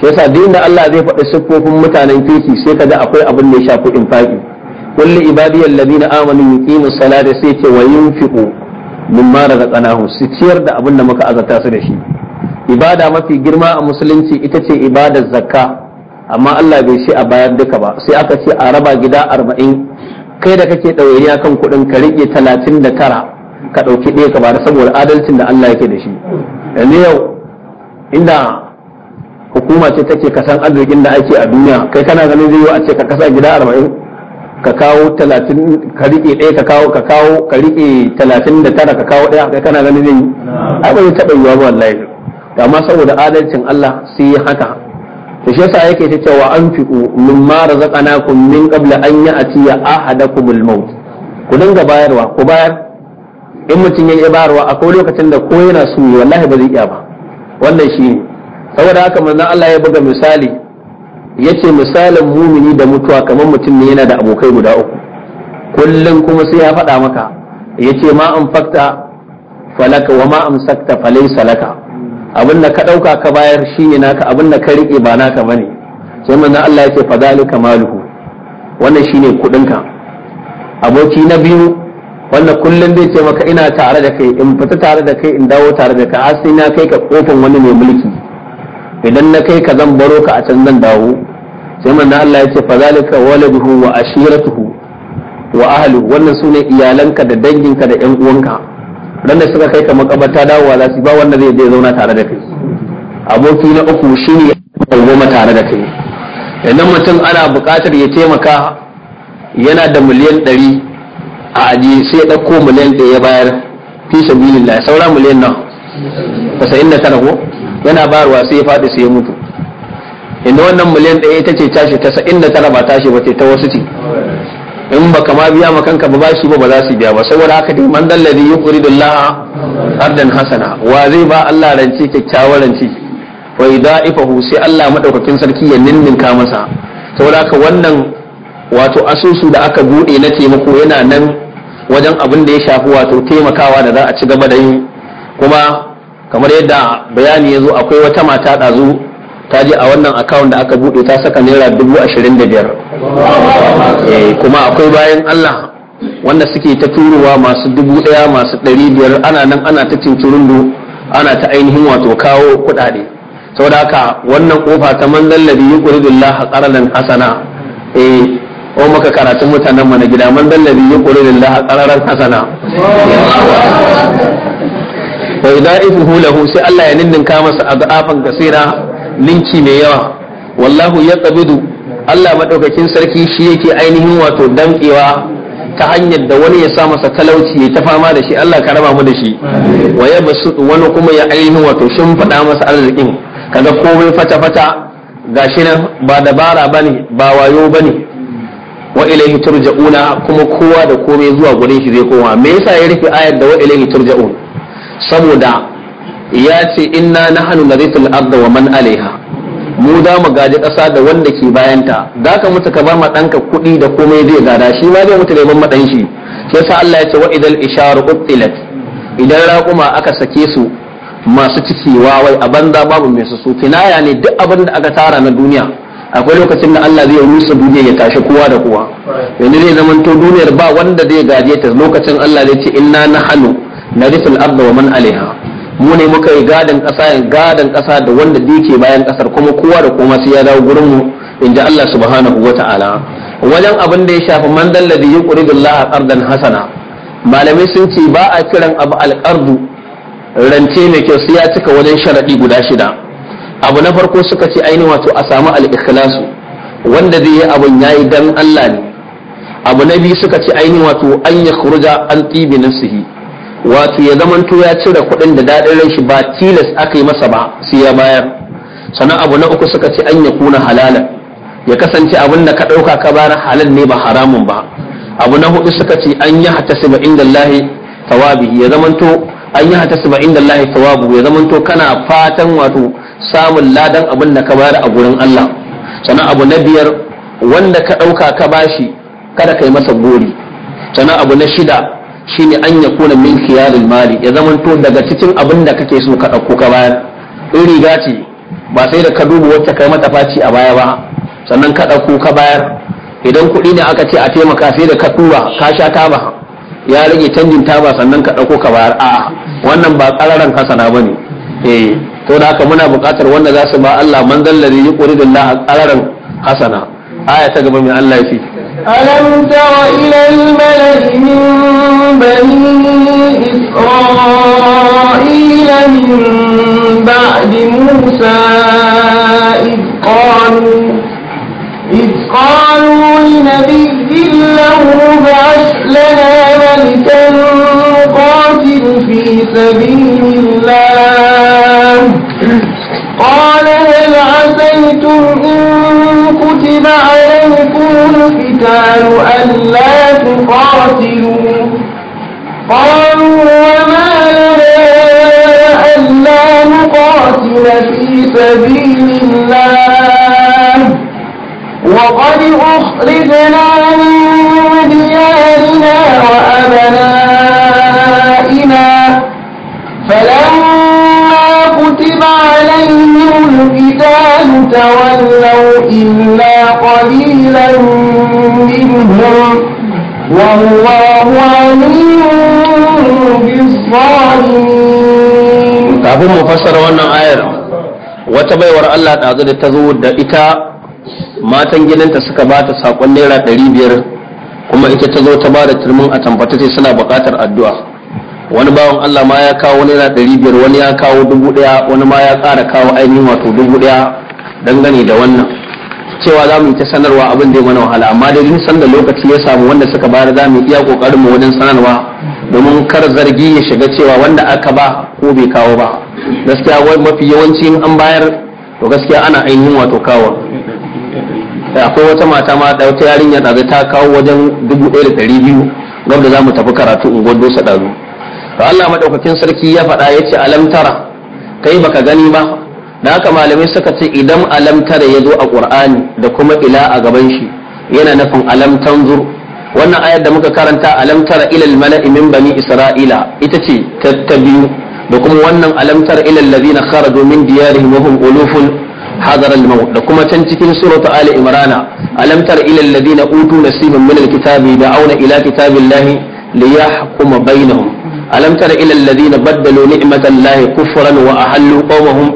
shi yasa duk da Allah zai faɗi siffofin mutanen kirki sai ka ga akwai abin da ya shafi infaki kulli ibadiyal ladina amanu yuqimus salata sai ce wa yunfiqu mimma razaqnahum su ciyar da abin da muka azata su da shi ibada mafi girma a musulunci ita ce ibadar zakka amma Allah bai ce a bayar duka ba sai aka ce a raba gida arba'in kai da kake ya kan kuɗin ka rike talatin da tara ka ɗauki ɗaya ka bada saboda adalcin da Allah yake da shi yanzu yau inda hukuma ce take kasan arzikin da ake a duniya kai kana ganin zai yi a ce ka kasa gida arba'in ka kawo talatin ka riƙe ɗaya ka kawo ka kawo ka riƙe talatin da tara ka kawo ɗaya kai kana ganin zai yi a' ba zai taɓa yiwa ba wallahi amma saboda adalcin Allah sai haka to shi yasa yake ta cewa anfiqu mimma razaqnakum min qabl an ya'tiya ahadakumul maut ku dinga bayarwa ku bayar in mutum yayi bayarwa akwai lokacin da ko yana so wallahi ba zai iya ba wannan shi ne saboda haka manzon Allah ya buga misali yace misalin mumini da mutuwa kamar mutum ne yana da abokai guda uku kullum kuma sai ya faɗa maka yace ma an fakta falaka wa ma amsakta falaysa laka abin da ka ɗauka ka bayar shi ne naka abin da ka riƙe ba naka ba ne sai manzon Allah ya ce zalika maluhu wannan shi ne kuɗinka aboki na biyu wanda kullum zai ce maka ina tare da kai in fita tare da kai in dawo tare da kai har sai na kai ka kofin wani mai mulki idan na kai ka zan baro ka a can zan dawo sai manzo Allah ya ce fa zalika waladuhu wa ashiratuhu wa ahlu wannan sune iyalanka da danginka da 'yan uwanka ran da suka kai ka makabarta dawowa za su ba wanda zai je zauna tare da kai aboki na uku shine goma tare da kai idan mutum ana buƙatar ya taimaka yana da miliyan ɗari a ajiye sai ya ɗauko miliyan ɗaya ya bayar fi sabilillah saura miliyan nan tasa'in da tara ko yana bayarwa sai ya faɗi sai ya mutu inda wannan miliyan ɗaya ita ce tashi tasa'in da tara ba tashi ba ce ta wasu ce in baka ma biya ma kanka ba bashi ba ba za su biya ba saboda haka dai man dalladhi yuqridullaha ardan hasana wa zai ba Allah rance kyakkyawar rance wa idaifahu sai Allah madaukakin sarki ya ninninka masa saboda haka wannan wato asusu da aka bude na taimako yana nan wajen abin da ya shafi wato taimakawa da za a ci gaba da yi kuma kamar yadda bayani ya zo akwai wata mata ɗazu ta je a wannan akawun da aka buɗe ta saka naira dubu ashirin da biyar eh, kuma akwai bayan allah wanda suke ta turowa masu dubu ɗaya masu ɗari biyar ana nan ana ta cincirindo ana ta ainihin wato kawo kuɗaɗe saboda haka wannan kofa ta man zallabi yuqridullah qaralan hasana eh o maka karatun mutanen mana gida man zallabi yuqridullah qaralan hasana wa idaifuhu lahu sai Allah ya ninninka masa azafan kasira minci mai yawa wallahu ya tsabidu Allah maɗaukakin sarki shi yake ainihin wato danƙewa ta hanyar da wani ya sa masa talauci ya ta fama da shi Allah ka raba mu da shi wa ya basu wani kuma ya ainihin wato faɗa masa arzikin kaga komai fata fata gashi nan ba dabara bane ba wayo bane wa ilaihi turja'una kuma kowa da komai zuwa gurin shi zai koma me yasa ya rufe ayar da wa ilaihi turja'un saboda ya ce inna na narithul ardh wa man alaiha mu za mu gaji ƙasa da wanda ke bayanta za ka mutu ka bar ma kuɗi da komai zai gada shi ma zai mutu da maɗan shi shi yasa Allah ya ce wa idan isharu ubtilat idan raƙuma aka sake su masu ciki wawai a banza babu mai su kinaya ne duk abin da aka tara na duniya akwai lokacin da Allah zai rusa duniya ya tashi kowa da kowa yanzu zai zaman to duniyar ba wanda zai gaje ta lokacin Allah zai ce inna nahanu narithul arda wa man alaiha mu ne muka yi gadon ƙasa gadon ƙasa da wanda da yake bayan kasar kuma kowa da kuma sai ya dawo gurin mu in ji Allah subhanahu wa ta'ala wajen abin da ya shafi man dalladi yuqridullaha qardan hasana malamai sun ce ba a kiran abu alqardu rance mai kyau sai ya cika wajen sharaɗi guda shida abu na farko suka ce ainihin wato a samu al-ikhlasu wanda zai yi abin yayi dan Allah ne abu na biyu suka ce ainihin wato an ya khuruja an tibi nafsihi wato ya zamanto ya cire kuɗin da daɗin ranshi ba tilas aka yi masa ba sai ya bayar sannan abu na uku suka ce an ya kuna halalan ya kasance abin da ka ɗauka ka bayar halal ne ba haramun ba abu na hudu suka ce an yi hatasiba inda lahi tawabi ya to an yi hatasiba inda lahi tawabu ya zamanto kana fatan wato samun ladan abin da ka bayar a gurin Allah sannan abu na biyar wanda ka ɗauka ka bashi kada ka yi masa gori sannan abu na shida shine an ya kuna min yarin mali ya zama to daga cikin abin da kake so ka dauko ka bayar in riga ce ba sai da ka duba wacce kai mata faci a baya ba sannan ka dauko ka bayar idan kuɗi ne aka ce a taimaka sai da ka tura ka sha taba ya rage canjin ta ba sannan ka ɗauko ka bayar a'a wannan ba ƙararan kasana ba ne eh to da haka muna buƙatar wanda za su ba Allah man zallari yuqridu Allah ƙararan hasana aya ta gaba mai Allah ya fi ألم تر إلى الملأ من بني إسرائيل من بعد موسى إذ قالوا إذ قالوا لنبي له ابعث لنا ملكا نقاتل في سبيل الله قال هل عسيتم إن كتب عليكم يكون القتال ألا تقاتلوا قالوا وما لنا ألا نقاتل في سبيل الله وقد أخرجنا من ديارنا وأبنائنا فلما كتب عليهم الفتان تولوا إلا قليلا منهم والله عليم بالظالمين kafin mu fassara wannan ayar wata baiwar Allah ɗazu da ta zo da ita matan gidanta suka ba ta saƙon naira ɗari biyar kuma ita ta zo ta ba da turmin a tamfata suna buƙatar addu'a wani bawan Allah ma ya kawo wani na ɗari biyar wani ya kawo dubu ɗaya wani ma ya ƙara kawo ainihin wato dubu ɗaya dangane da wannan cewa za mu yi ta sanarwa abin da ya mana wahala amma dai ni sanda lokaci ya samu wanda suka bayar za mu iya ƙoƙarin mu wajen sanarwa domin kar zargi ya shiga cewa wanda aka ba ko bai kawo ba gaskiya mafi yawanci an bayar to gaskiya ana ainihin wato kawo akwai wata mata ma da wata yarinya da ta kawo wajen dubu ɗaya da ɗari biyu gab da za mu tafi karatu unguwar dosa ɗazu to Allah madaukakin sarki ya faɗa ya ce alam tara kai baka gani ba da haka malamai suka ce idan alam tara ya zo a qur'ani da kuma ila a gaban shi yana nufin alam tanzur wannan ayar da muka karanta alam tara ilal mala'i min bani isra'ila ita ce ta da kuma wannan alam tara ilal ladina kharaju min diyarihim wa hum ulufun hadar al-maut da kuma can cikin suratu ali imrana alam tara ilal ladina utu nasiban min al-kitabi auna ila kitabillahi liyahkuma bainahum alam tara ila alladhina baddalu ni'matallahi kufran wa ahallu qawmahum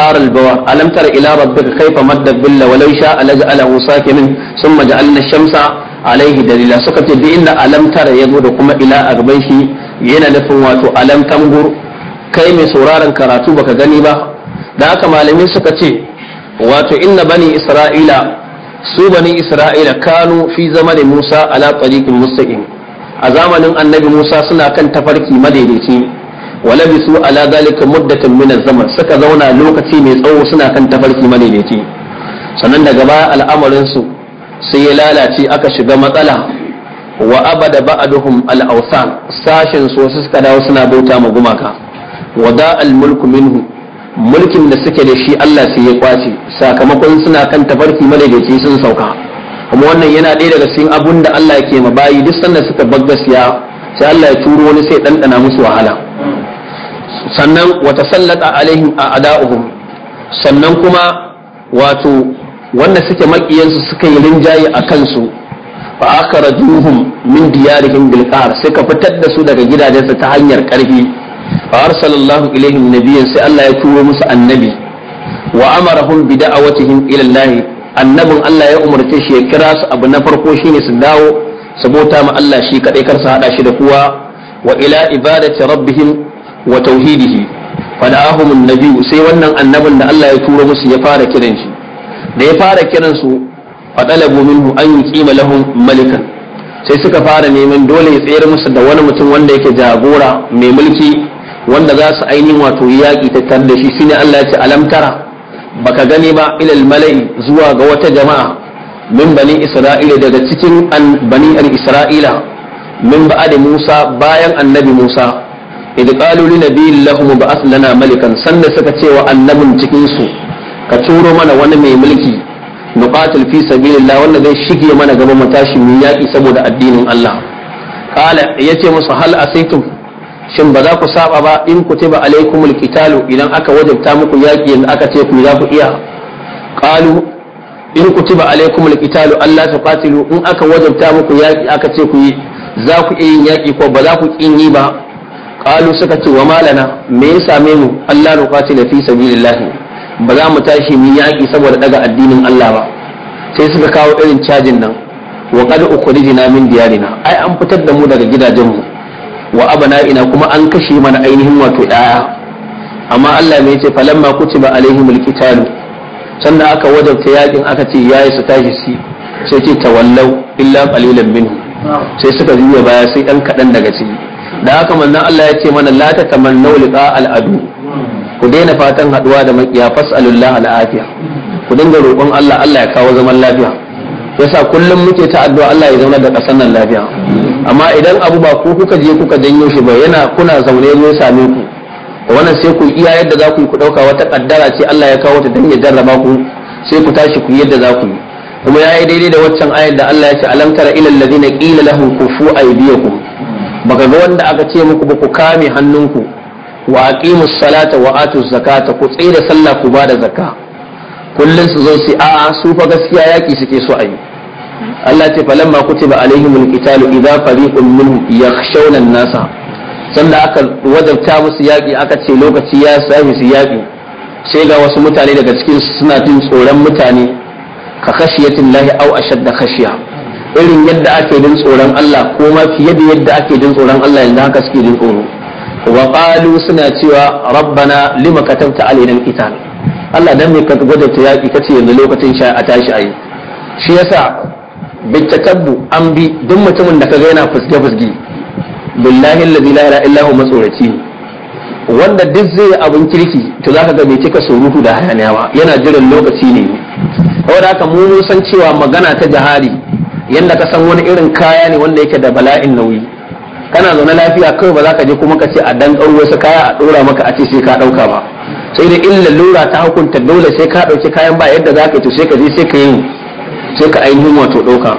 دار البوار ألم تر إلى ربك كيف مد الظل ولو شاء لجعله ساكنا ثم جعلنا الشمس عليه دليلا سكت بإن ألم تر يقول كما إلى أغبيه yana nufin wato alam tangur kai mai sauraron karatu baka gani ba da haka malamai suka ce wato inna bani isra'ila su bani isra'ila kanu fi zamanin musa ala tariqin mustaqim a zamanin annabi Musa suna kan tafarki madaidaici walabisu ala dalika muddatan min zaman suka zauna lokaci mai tsawo suna kan tafarki madaidaici Sanan daga baya al'amarin su sai ya lalace aka shiga matsala wa abada ba'aduhum al-awsan sashin su suka dawo suna bauta ma gumaka wada al-mulku minhu mulkin da suke da shi Allah sai ya kwace sakamakon suna kan tafarki madaidaici sun sauka kuma wannan yana ɗaya daga cikin abun da Allah ke ma bayi duk sanda suka bar gaskiya sai Allah ya turo wani sai ɗanɗana musu wahala sannan wata sallata alaihim a ada'uhum sannan kuma wato wanda suke maƙiyansu suka yi linjaye a kansu fa akhrajuhum min diyarihim bil qahr ka fitar da su daga gidajensu ta hanyar ƙarfi fa arsalallahu ilaihim nabiyyan sai Allah ya turo musu annabi wa amarahum bi da'awatihim ila annabin Allah ya umarce shi ya kira su abu na farko shine su dawo su bauta ma Allah shi kadai kar su hada shi da kowa wa ila ibadati rabbihim wa tauhidihi fada'ahum an-nabiyyu sai wannan annabin da Allah ya tura musu ya fara kiran shi da ya fara kiran su fadalabu minhu an yuqima lahum malikan sai suka fara neman dole ya tsayar musu da wani mutum wanda yake jagora mai mulki wanda za su ainihin wato yaƙi tattar da shi shine Allah ya ce alamtara baka gani ba ilal mala'i zuwa ga wata jama'a min bani isra'ila daga cikin bani isra'ila min ba'ad musa bayan annabi musa idh qalu li nabiyyin lahum ba'ath lana malikan sanda suka ce wa annabin cikin su ka turo mana wani mai mulki nuqatil fi sabilillah wanda zai shige mana gaba mu tashi mu yaki saboda addinin Allah qala yace musu hal asaitum shin ba za ku saba ba in ku kutiba alaikumul kitalu idan aka wajabta muku yaki yanzu aka ce ku za ku iya qalu in ku kutiba alaikumul kitalu Allah ta qatilu in aka wajabta muku yaki aka ce ku yi za ku iya yin yaki ko ba za ku kin yi ba qalu suka ce wa malana me ya same mu Allah nu qatila fi sabilillah ba za mu tashi mu yaki saboda daga addinin Allah ba sai suka kawo irin cajin nan wa qad ukhrijna min diyarina ai an fitar da mu daga gidajenmu wa abana'ina kuma an kashe mana ainihin wato ɗaya amma Allah ne ya ce falamma kutiba alaihimul qitalu sannan aka wajabta yakin aka ce yayi su tashi si sai ce tawallau illa qalilan minhu sai suka juya baya sai dan kadan daga ciki da haka manzon Allah ya ce mana la tatamannu liqa al'adu ku daina fatan haduwa da makiya fas'alullah al'afiya ku dinga roƙon Allah Allah ya kawo zaman lafiya yasa kullum muke ta addu'a Allah ya zauna da ƙasar lafiya amma idan abu ba ku kuka je kuka janyo shi ba yana kuna zaune ne same ku wannan sai ku iya yadda za ku yi ku ɗauka wata ƙaddara ce Allah ya kawo ta don ya jarraba ku sai ku tashi ku yadda za ku yi kuma ya yi daidai da waccan ayar da Allah ya ce alam tara ilal ladina qila lahum kufu aydiyakum baka ga wanda aka ce muku ba ku kame hannunku wa aqimus salata wa atuz zakata ku tsira sallah ku bada zakka kullun su zo su a'a su fa gaskiya yaki suke so a yi Allah ce falamma kutiba alaihim alqitalu idza fariqun minhum yakhshawna an-nasa sanda aka wajabta musu yaki aka ce lokaci ya sami su yaki sai ga wasu mutane daga cikin suna jin tsoron mutane ka khashiyatin lahi aw ashadda khashiya irin yadda ake jin tsoron Allah ko ma fiye da yadda ake jin tsoron Allah yanzu haka suke jin tsoro wa qalu suna cewa rabbana lima katabta alaina alqital Allah dan me ka gwada ta yaki kace yanzu lokacin sha a tashi ayi shi yasa tabbu, an bi duk mutumin da ka ga yana fuske fuske billahi allazi la ilaha illa huwa matsoraci ne wanda duk zai yi abin kirki to zaka ga bai cika surutu da hayaniya ba yana jiran lokaci ne saboda haka mu san cewa magana ta jahari yanda ka san wani irin kaya ne wanda yake da bala'in nauyi kana zaune lafiya kawai ba za ka je kuma ka ce a dan wasu kaya a ɗora maka a ce sai ka ɗauka ba sai da illa lura ta hukunta dole sai ka ɗauki kayan ba yadda za ka yi to sai ka je sai ka yi sai ka ainihin wato ɗauka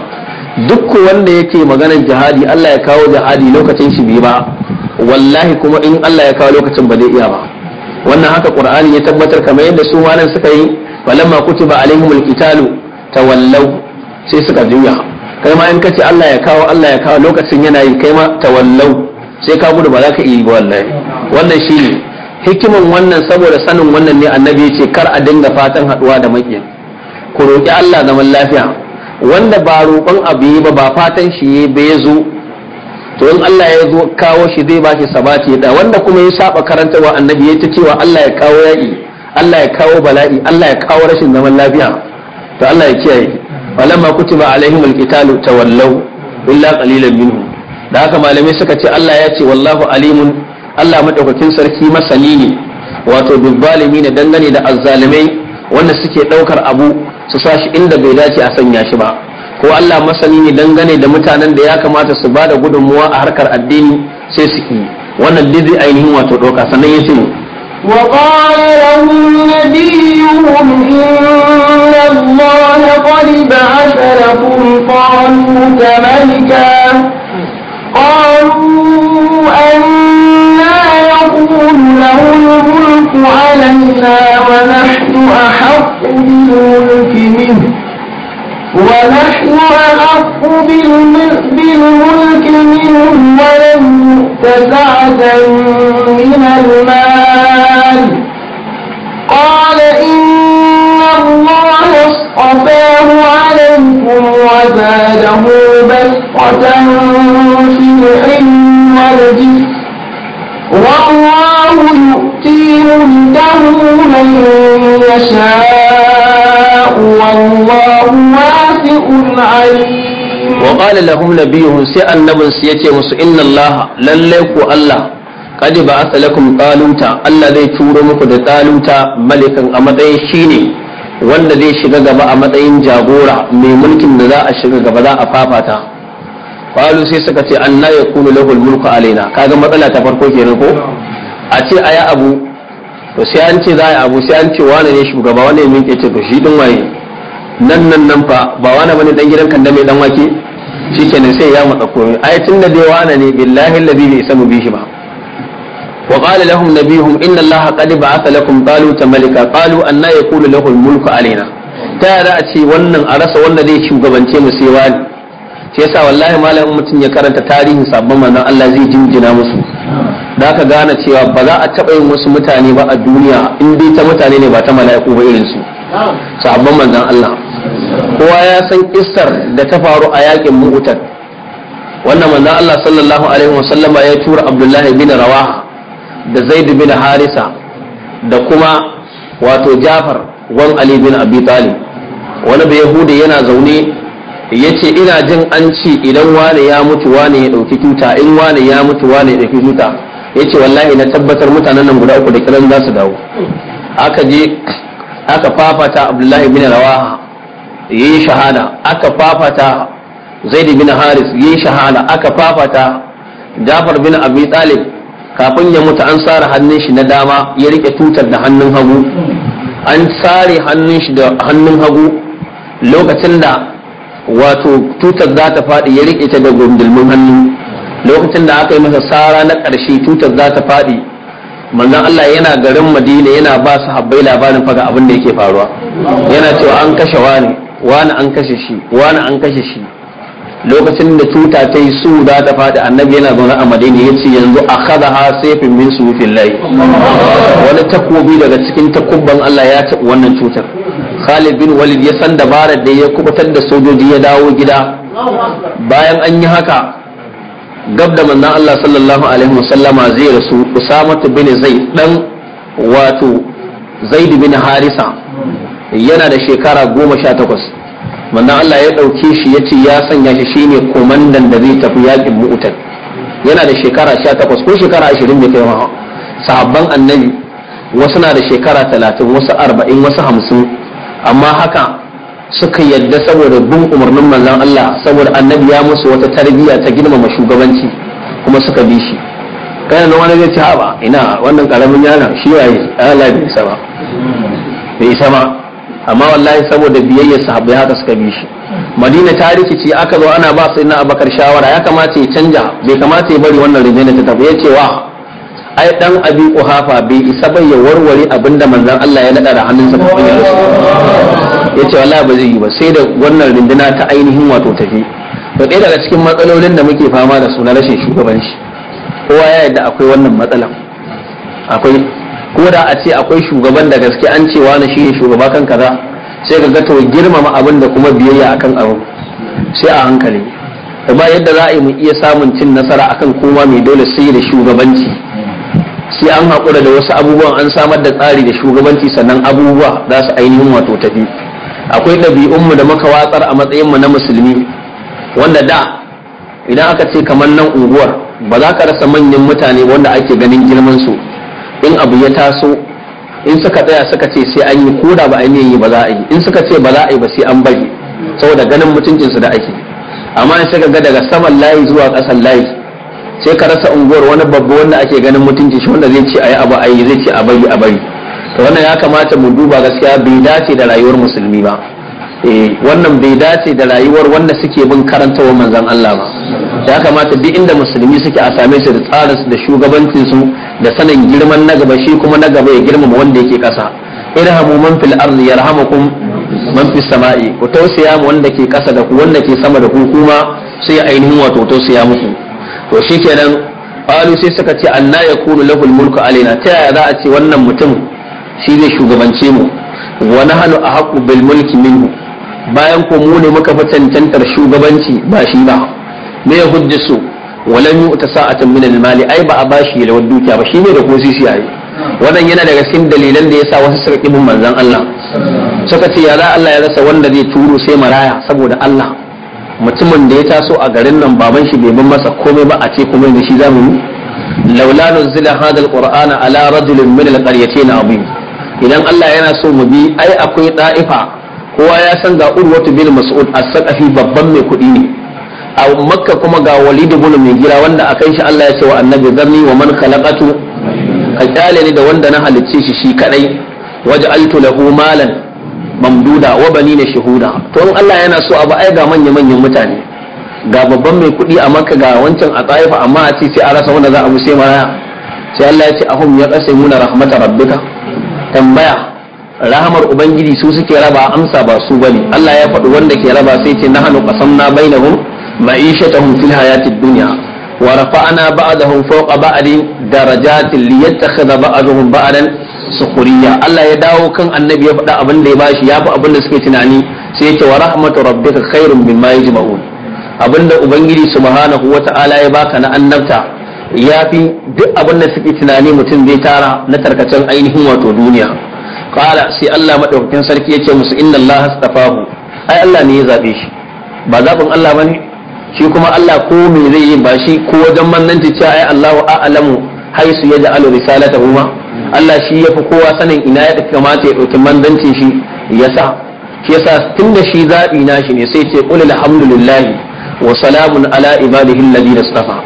duk wanda yake maganar jihadi Allah ya kawo jihadi lokacin shi bai ba wallahi kuma in Allah ya kawo lokacin ba zai iya ba wannan haka qur'ani ya tabbatar kamar yadda su malan suka yi falamma kutiba alaihimul qitalu tawallaw sai suka juya kai ma in ka Allah ya kawo Allah ya kawo lokacin yana yi kai ma tawallau sai ka gudu ba za ka iya ba wallahi wannan shine hikiman wannan saboda sanin wannan ne annabi ya ce kar a dinga fatan haduwa da makiyin ku roƙi Allah zaman lafiya wanda ba roƙon abu yi ba ba fatan shi ya bai zo to in Allah ya zo kawo shi zai bashi sabati da wanda kuma ya saba karantarwa annabi ya ta cewa Allah ya kawo yaƙi Allah ya kawo bala'i Allah ya kawo rashin zaman lafiya to Allah ya kiyaye falamma kutiba alaihim alqitalu tawallaw illa qalilan minhum da haka malamai suka ce Allah ya ce wallahu alimun Allah madaukakin sarki masani ne wato dubbalimi ne dangane da azzalimai wanda suke daukar abu su sa shi inda bai dace a sanya shi ba ko Allah masani ne dangane da mutanen da ya kamata su ba da gudunmuwa a harkar addini sai su yi wannan dizai ainihin wato doka sannan ya ce وقال لهم نبيهم إن الله قد بعث لكم طالوت ملكا قالوا أنا يقول له الملك علينا ونحن أحق بالملك منه ونحن أحق بالملك منه ولم يؤت سعة من المال قال إن الله اصطفاه عليكم وزاده بسطة في العلم والجسم والله يؤتي ملكه qala lahum nabiyuhum sai annabin su yace musu inna Allah lalle ku Allah qad ba'atha lakum taluta Allah zai turo muku da taluta malikan a matsayin shine wanda zai shiga gaba a matsayin jagora mai mulkin da za a shiga gaba za a fafata qalu sai suka ce anna yakunu lahul mulku alaina kaga matsala ta farko kenan ko a ce aya abu to sai an ce za a abu sai an ce wane ne shugaba wane ne ke ce to shi din waye nan nan nan fa ba wani bane dan gidan kanda mai dan wake shikenan sai ya matsa komai ayatin da bai wani ne billahi isa mu bi shi ba wa qala lahum nabiyuhum inna allaha qad ba'atha lakum taluta malika qalu anna ya lahu mulku alaina ta yara a ce wannan a rasa wanda zai shugabance mu sai wani sai yasa wallahi malamin mutum ya karanta tarihin sabon manzon Allah zai jinjina musu da ka gane cewa ba za a taɓa yin wasu mutane ba a duniya in dai ta mutane ne ba ta mala'iku ba irin su sabon manzon Allah kowa ya san kistar da ta faru a yakin mu'utar wannan manzon Allah sallallahu alaihi wasallama ya tura Abdullahi bin Rawaha da Zaid bin Harisa da kuma wato Jafar wan Ali bin Abi Talib wani bai Yahudi yana zaune ya ce ina jin an ce idan wane ya mutu wane ya ɗauki tuta in wane ya mutu wane ya ɗauki tuta ya ce wallahi na tabbatar mutanen nan guda uku da kiran za su dawo aka je aka fafata abdullahi bin rawaha yi shahada aka fafata zaid bin haris yi shahada aka fafata jafar bin abi talib kafin ya mutu an sare hannun shi na dama ya rike tutar da hannun hagu an sare hannun shi da hannun hagu lokacin da wato tutar za ta faɗi ya rike ta da gundulmin hannu lokacin da aka yi masa sara na ƙarshe tutar za ta faɗi manzon Allah yana garin Madina yana ba su habbai labarin faga abin da yake faruwa yana cewa an kashe wani wani an kashe shi wani an kashe shi lokacin da tuta ta yi su da ta faɗi annabi yana zaune a madina ya ce yanzu a kada ha saifin min sufin layi wani takobi daga cikin takubban allah ya taɓa wannan cutar khalid bin walid ya san dabarar da ya kubutar da sojoji ya dawo gida bayan an yi haka gab da manzon allah sallallahu alaihi wasallama zai rasu usama bin zaid dan wato zaid bin harisa yana da shekara goma sha takwas manzon Allah ya ɗauke shi ya ce ya sanya shi shine komandan da zai tafi yakin mu'utan yana da shekara sha takwas ko shekara ashirin da kai mawa sahabban annabi wasu na da shekara talatin wasu arba'in wasu hamsin amma haka suka yadda saboda bin umarnin manzan Allah saboda annabi ya musu wata tarbiyya ta girmama shugabanci kuma suka bi shi kana nan wani zai ci haɓa ina wannan karamin yana shi waye Allah bai isa ba bai isa ba amma wallahi saboda biyayya sahabbai haka suka bi shi madina ta rikici aka zo ana ba sayyidina abakar shawara ya kamata ya canja bai kamata ya bari wannan rijina ta tafi yace wa ai dan abi kuhafa bai isa bai ya warware abinda manzon Allah ya nada da hannunsa ko ya yace wallahi ba zai yi ba sai da wannan rinduna ta ainihin wato tafi to ɗaya daga cikin matsalolin da muke fama da su na rashin shugabanci kowa ya yarda akwai wannan matsalan akwai ko da a ce akwai shugaban da gaske an ce wani shi ne shugaba kan kaza sai ka ga to girmama abin da kuma biyayya akan abu sai a hankali ba yadda za a yi mu iya samun cin nasara akan koma mai dole sai da shugabanci sai an haƙura da wasu abubuwan an samar da tsari da shugabanci sannan abubuwa za su ainihin wato tafi akwai ɗabi'unmu da muka watsar a matsayinmu na musulmi wanda da idan aka ce kamar nan unguwar ba za ka rasa manyan mutane wanda ake ganin girman su in abu ya taso in suka tsaya suka ce sai an yi koda ba an yi ba za a yi in suka ce ba za a yi ba sai an bari saboda ganin mutuncinsu da ake amma in suka ga daga saman layi zuwa ƙasan layi sai ka rasa unguwar wani babba wanda ake ganin mutunci shi wanda zai ce a yi abu a yi zai ce a bari a bari to wannan ya kamata mu duba gaskiya bai dace da rayuwar musulmi ba eh wannan bai dace da rayuwar wanda suke bin karantawar manzon Allah ba ya kamata duk inda musulmi suke a same su da tsarinsu da shugabancin su da sanin girman na gaba shi kuma na gaba ya girmama wanda yake kasa irhamu man fil ardi yarhamukum man fis sama'i ku tausaya mu wanda ke kasa da ku wanda ke sama da ku kuma sai ainihin wato tausaya muku to shikenan qalu sai suka ce anna yakunu lahu al mulku alaina ta yaya za a ce wannan mutum shi zai shugabance mu wa nahnu ahqqu bil mulki minhu bayan ko mu ne muka fi cancantar shugabanci ba shi ba me hujjisu walan yu'ta sa'atan min al-mali ai ba a bashi da wadda dukiya ba shine da ko wannan yana daga cikin dalilan da yasa wasu suka kibin manzon Allah suka ce ya za Allah ya rasa wanda zai turo sai maraya saboda Allah mutumin da ya taso a garin nan baban shi bai masa komai ba a ce kuma da shi zamu yi laula nuzila hadal qur'ana ala rajulin min al qaryatin abin idan Allah yana so mu bi ai akwai da'ifa kowa ya san ga urwatu bil mas'ud as-saqafi babban mai kuɗi ne a makka kuma ga Walidu Bulu mai gira wanda a kan shi Allah ya ce wa annabi zarni wa man khalaqatu ka kyale ni da wanda na halicce shi shi kadai altu lahu malan mamduda wa na shuhuda to in Allah yana so abu ai ga manya manyan mutane ga babban mai kuɗi a makka ga wancan a taifa amma a ce sai a rasa wanda za a bushe mara sai Allah ya ce ahum ya kasa muna rahmata rabbika tambaya rahamar ubangiji su suke raba amsa ba su bane Allah ya faɗi wanda ke raba sai ce na nahanu qasamna bainahum ta ma'ishatahum fil hayatid dunya wa rafa'na ba'dahum fawqa ba'di darajatin liyattakhidha ba'dahum ba'dan sukhriya Allah ya dawo kan annabi ya faɗa abinda ya bashi ya fi abin da suke tunani sai ya ce wa rahmatu rabbika khairum mimma abinda abin da ubangiji subhanahu wata'ala ya baka na annabta ya fi duk abinda da suke tunani mutum zai tara na tarkacen ainihin wato duniya kala sai Allah madaukakin sarki ya ce musu inna Allah astafahu ai Allah ne ya zabe shi ba zaɓin Allah bane shi kuma Allah ko me zai yi ba shi ko wajen mannanci cewa ai Allahu a'lamu haisu ya ja'alu risalatahu ma Allah shi yafi kowa sanin ina ya kamata ya dauki mandancin shi yasa shi yasa tunda shi zabi na shi ne sai ce qul alhamdulillah wa salamun ala ibadihi alladhina istafa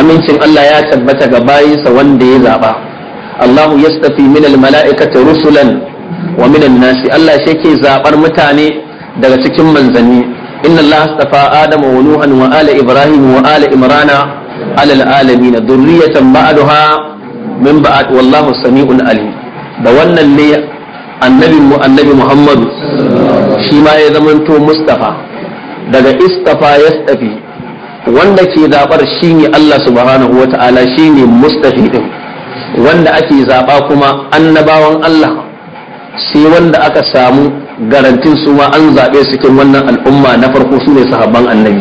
amincin Allah ya tabbata ga bayinsa wanda ya zaba Allahu yastafi min almala'ikati rusulan wa min annasi nasi Allah shi yake zabar mutane daga cikin manzanni inna Allah astafa Adam wa Nuhan wa ala Ibrahim wa ala Imran ala alamin dhurriyatan ba'daha min ba'd wallahu sami'un alim da wannan ne annabi mu annabi Muhammadu shi ma ya zamanto Mustafa daga istafa yastafi wanda ke zabar shine Allah subhanahu wata'ala shine Mustafi ɗin. wanda ake zaba kuma annabawan Allah sai wanda aka samu garantin su ma an zaɓe cikin wannan al'umma na farko su ne sahabban annabi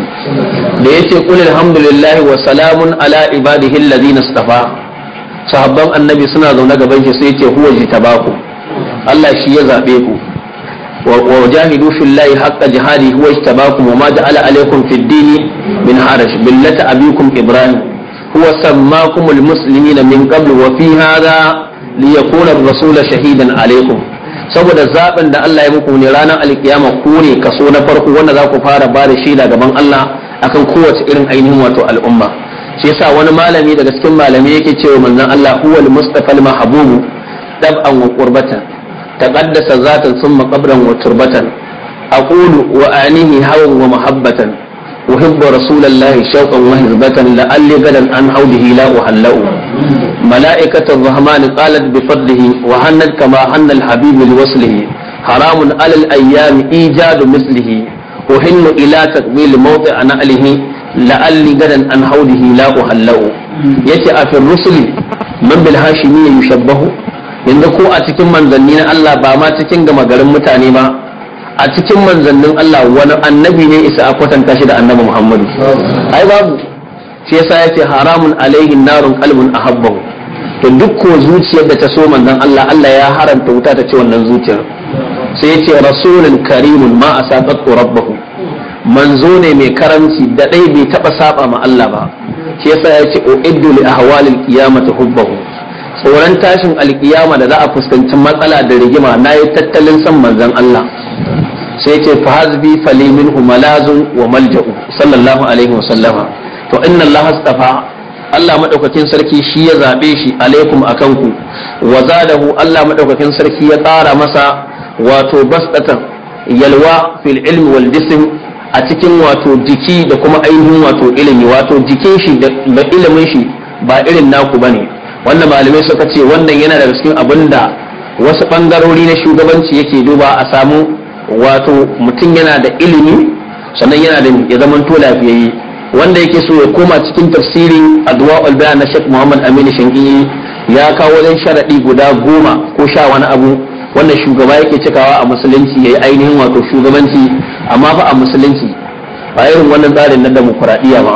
da ya ce kulil alhamdulillahi wa salamun ala ibadihi alladhina istafa sahabban annabi suna zaune gaban shi sai ya ce huwa jitabaku Allah shi ya zaɓe ku wa jahidu fillahi haqqa jihadi huwa jitabakum wa ma ja'ala alaykum fid dini min Harash, billata abikum ibrahim huwa sammakumul muslimina min qabl wa fi hadha liyakuna ar-rasula shahidan alaykum saboda zaɓin da Allah ya muku ne ranar alkiyama ku ne kaso na farko wanda za ku fara ba da da gaban Allah akan kowace irin ainihin wato al'umma shi yasa wani malami daga cikin malamai yake cewa manzon Allah huwal mustafa al mahbubu dab'an wa qurbatan taqaddasa zatan thumma qabran wa turbatan aqulu wa anihi hawan wa mahabbatan uhibbu rasulallahi shawqan wa hizbatan la'alli gadan an hawlihi la uhallau ملائكة الرحمن قالت بفضله وهنت كما هن الحبيب لوصله حرام على الأيام إيجاد مثله أهن إلى تقبيل موضع نعله لعلي غدا عن حوله لا أهله يتي أفي الرسل من بالهاشمية يشبه yanzu ko a cikin manzanni na Allah ba ma cikin gama garin mutane ba a cikin manzannin Allah wani annabi ne isa a kwatanta shi da annabi Muhammadu ai babu shi yasa yace haramun alaihin narun qalbun ahabbahu to duk ko zuciyar da ta so manzon Allah Allah ya haranta wuta ta ce wannan zuciyar sai yace rasulun karimun ma asaqatu rabbahu manzo ne mai karanci da dai bai taba saba ma Allah ba shi yasa yace uiddu li ahwalil qiyamati hubbahu tsoron tashin alkiyama da za a fuskanci matsala da rigima na yi tattalin san manzon Allah sai ce fahazbi hazbi falimin humalazun wa malja'u sallallahu alaihi wa sallama to inna allaha astafa Allah madaukakin sarki shi ya zabe shi alaikum akan ku wa zalahu Allah madaukakin sarki ya tsara masa wato basdatan yalwa fil ilmi wal jism a cikin wato jiki da kuma ainihin wato ilimi wato jikin shi da ilimin shi ba irin naku bane wannan malamai suka ce wannan yana daga cikin abin da wasu bangarori na shugabanci yake duba a samu wato mutum yana da ilimi sannan yana da ya zamanto lafiyayye wanda yake so ya koma cikin tafsirin adwa'ul bayan na Sheikh Muhammad Aminu Shangiyi ya kawo wajen sharaɗi guda goma ko sha wani abu wanda shugaba yake cikawa a musulunci ya yi ainihin wato shugabanci amma ba a musulunci ba irin wannan tsarin na demokuraɗiyya ba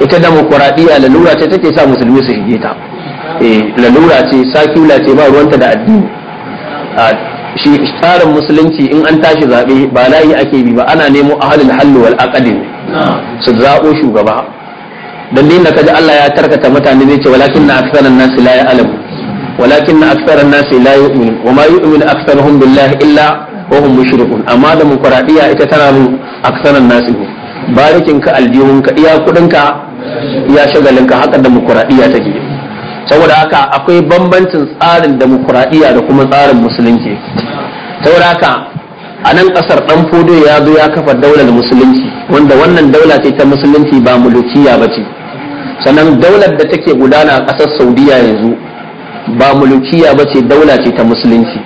ita demokuraɗiyya lalura ce take sa musulmi su shige ta eh lalura ce sakula ce ba ruwanta da addini shi tsarin musulunci in an tashi zaɓe ba layi ake bi ba ana nemo ahalul hallu wal aqdin su zaɓo shugaba Don din na kaji Allah ya tarkata mutane zai ce walakin na aktsaran nas la alamu. walakin na aktsaran nas la umini wa ma yi yu'minu aktsaruhum billahi illa wa hum mushrikun amma da mukaradiya ita tana mu aktsaran ne barikin ka aljihun ka iya kudin ka iya shagalin ka haka da ta take saboda haka akwai bambancin tsarin da da kuma tsarin musulunci saboda haka a nan kasar dan fodo ya zo ya kafa daular musulunci wanda wannan daula ce ta musulunci ba mulkiya ba ce sannan daular da take gudana a kasar saudiya yanzu ba mulkiya ba ce daula ce ta musulunci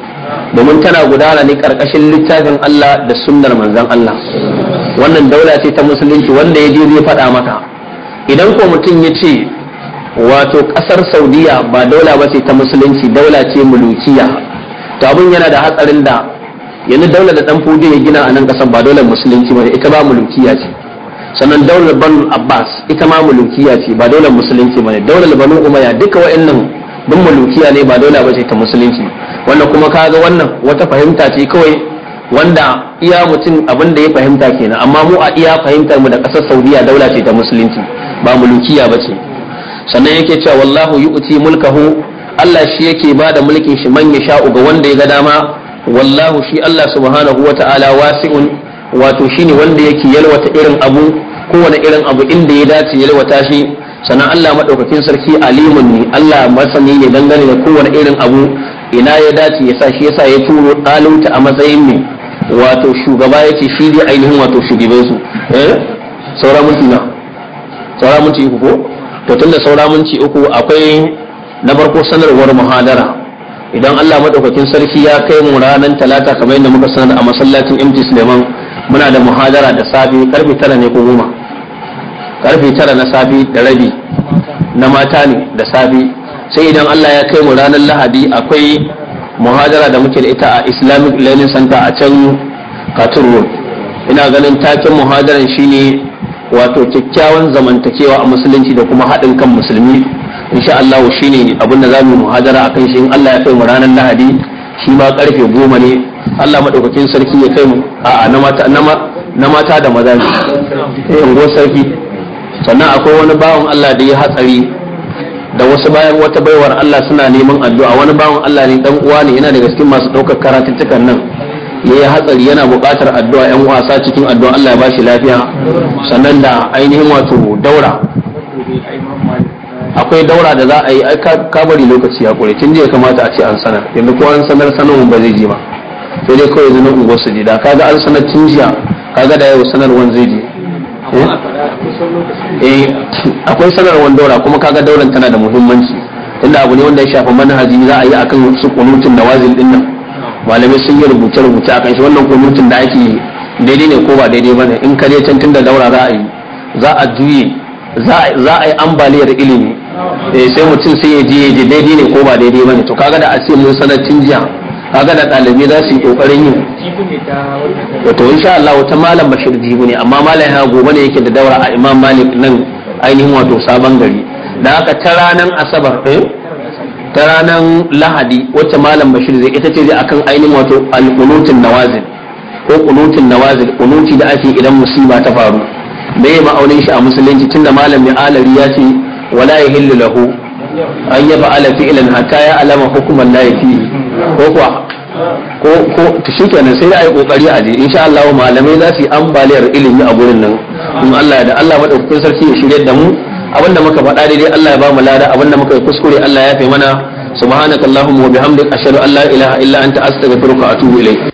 domin tana gudana ne karkashin littafin Allah da sunnar manzon Allah wannan daula ce ta musulunci wanda ya je zai faɗa maka idan ko mutum ya ce wato kasar saudiya ba daula ba ce ta musulunci daula ce mulkiya to abin yana da hatsarin da yanzu daular da dan fuje ya gina a nan kasan ba daular musulunci ba ita ba mulkiya ce sannan daular banu abbas ita ma mulkiya ce ba daular musulunci ba ne daular banu umayya duka wa'annan bin mulkiya ne ba daula ba ce ta musulunci wanda kuma kaga wannan wata fahimta ce kawai wanda iya mutum abin da ya fahimta kenan amma mu a iya fahimtar mu da kasar saudiya daula ce ta musulunci ba mulkiya ba ce sannan yake cewa wallahu yu'ti mulkahu Allah shi yake ba da mulkin shi man ya sha'u ga wanda ya ga dama wallahu shi Allah subhanahu ta'ala wasi'un wato shine wanda yake yalwata irin abu kowane irin abu inda ya dace yalwata shi sannan Allah madaukakin sarki alimun ne Allah masani ne dangane da kowane irin abu ina ya dace ya sa shi yasa ya turo ɗalauta a matsayin mai wato shugaba yake shi dai ainihin wato shugaban su eh? saura mutum na saura mutum uku ko to tunda saura minti uku akwai na farko sanarwar muhadara idan Allah madaukakin sarki ya kai mu ranar talata kamar yadda muka sanar a masallacin MT Suleiman muna da muhadara da safe karfe tara ne ko goma karfe tara na safe da rabi na mata ne da safe sai idan Allah ya kai mu ranar Lahadi akwai muhadara da muke da ita a Islamic Learning Center a can Katun Road ina ganin taken muhadaran shine wato kyakkyawan zamantakewa a musulunci da kuma haɗin kan musulmi insha Allah shine abin da zamu muhajara akan shi in Allah ya kai mu ranar Lahadi shi ma karfe goma ne Allah madaukakin sarki ya kai mu a'a na mata da maza ne eh ungo sarki sannan akwai wani bawan Allah da ya hatsari da wasu bayan wata baiwar Allah suna neman addu'a wani bawan Allah ne dan uwa ne yana daga cikin masu daukar karatuttukan nan ya yi hatsari yana buƙatar addu'a yan wasa cikin addu'a Allah ya bashi lafiya sannan da ainihin wato daura akwai daura da za a yi ai kabari lokaci ya kure tun ya kamata a ce an sanar yanzu ko an sanar sanarwar ba zai ji ba sai dai kawai zanen unguwar su ji Ka ga an sanar tun jiya ka ga da yau sanarwar zai ji eh? eh, akwai sanarwar daura kuma ka ga dauran tana da muhimmanci inda abu ne wanda ya shafi manhaji za a yi akan su kunutun da wazin din nan malamai sun yi rubuce rubuce kan shi wannan kunutun da ake daidai ne ko ba daidai ba ne. in ka je can tun da daura za a yi za a juye za a yi ambaliyar ilimi Eh, sai mutum sai ya je ya ji daidai ne ko ba daidai ba ne. to kaga da a ce mun sanar tun jiya kaga da ɗalibai za su yi ƙoƙarin yi wato insha Allah wata malam bashir jibu ne amma malam ya gobe ne yake da daura a imam malik nan ainihin wato sabon gari da haka ta ranar asabar ɗin eh, ta ranar lahadi wacce malam bashir zai ita ce zai akan ainihin wato alƙunutin nawazin ko ƙunutin nawazin ƙunuti da ake idan musiba ta faru me ma'aunin shi a musulunci tunda malam ya alari ya ce wala يهل له an yaf'ala فعلا حتى يعلم alama الله فيه كوكو ko ko shike nan sai da ai kokari a insha Allah malamai za su yi ambaliyar ilimi a gurin nan in Allah da Allah madaukakin sarki ya shirye da mu abinda muka faɗa daidai Allah ya ba mu lada abinda muka kuskure Allah ya fi mana subhanakallahumma wa bihamdika ashhadu an la ilaha illa anta astaghfiruka wa atubu ilayk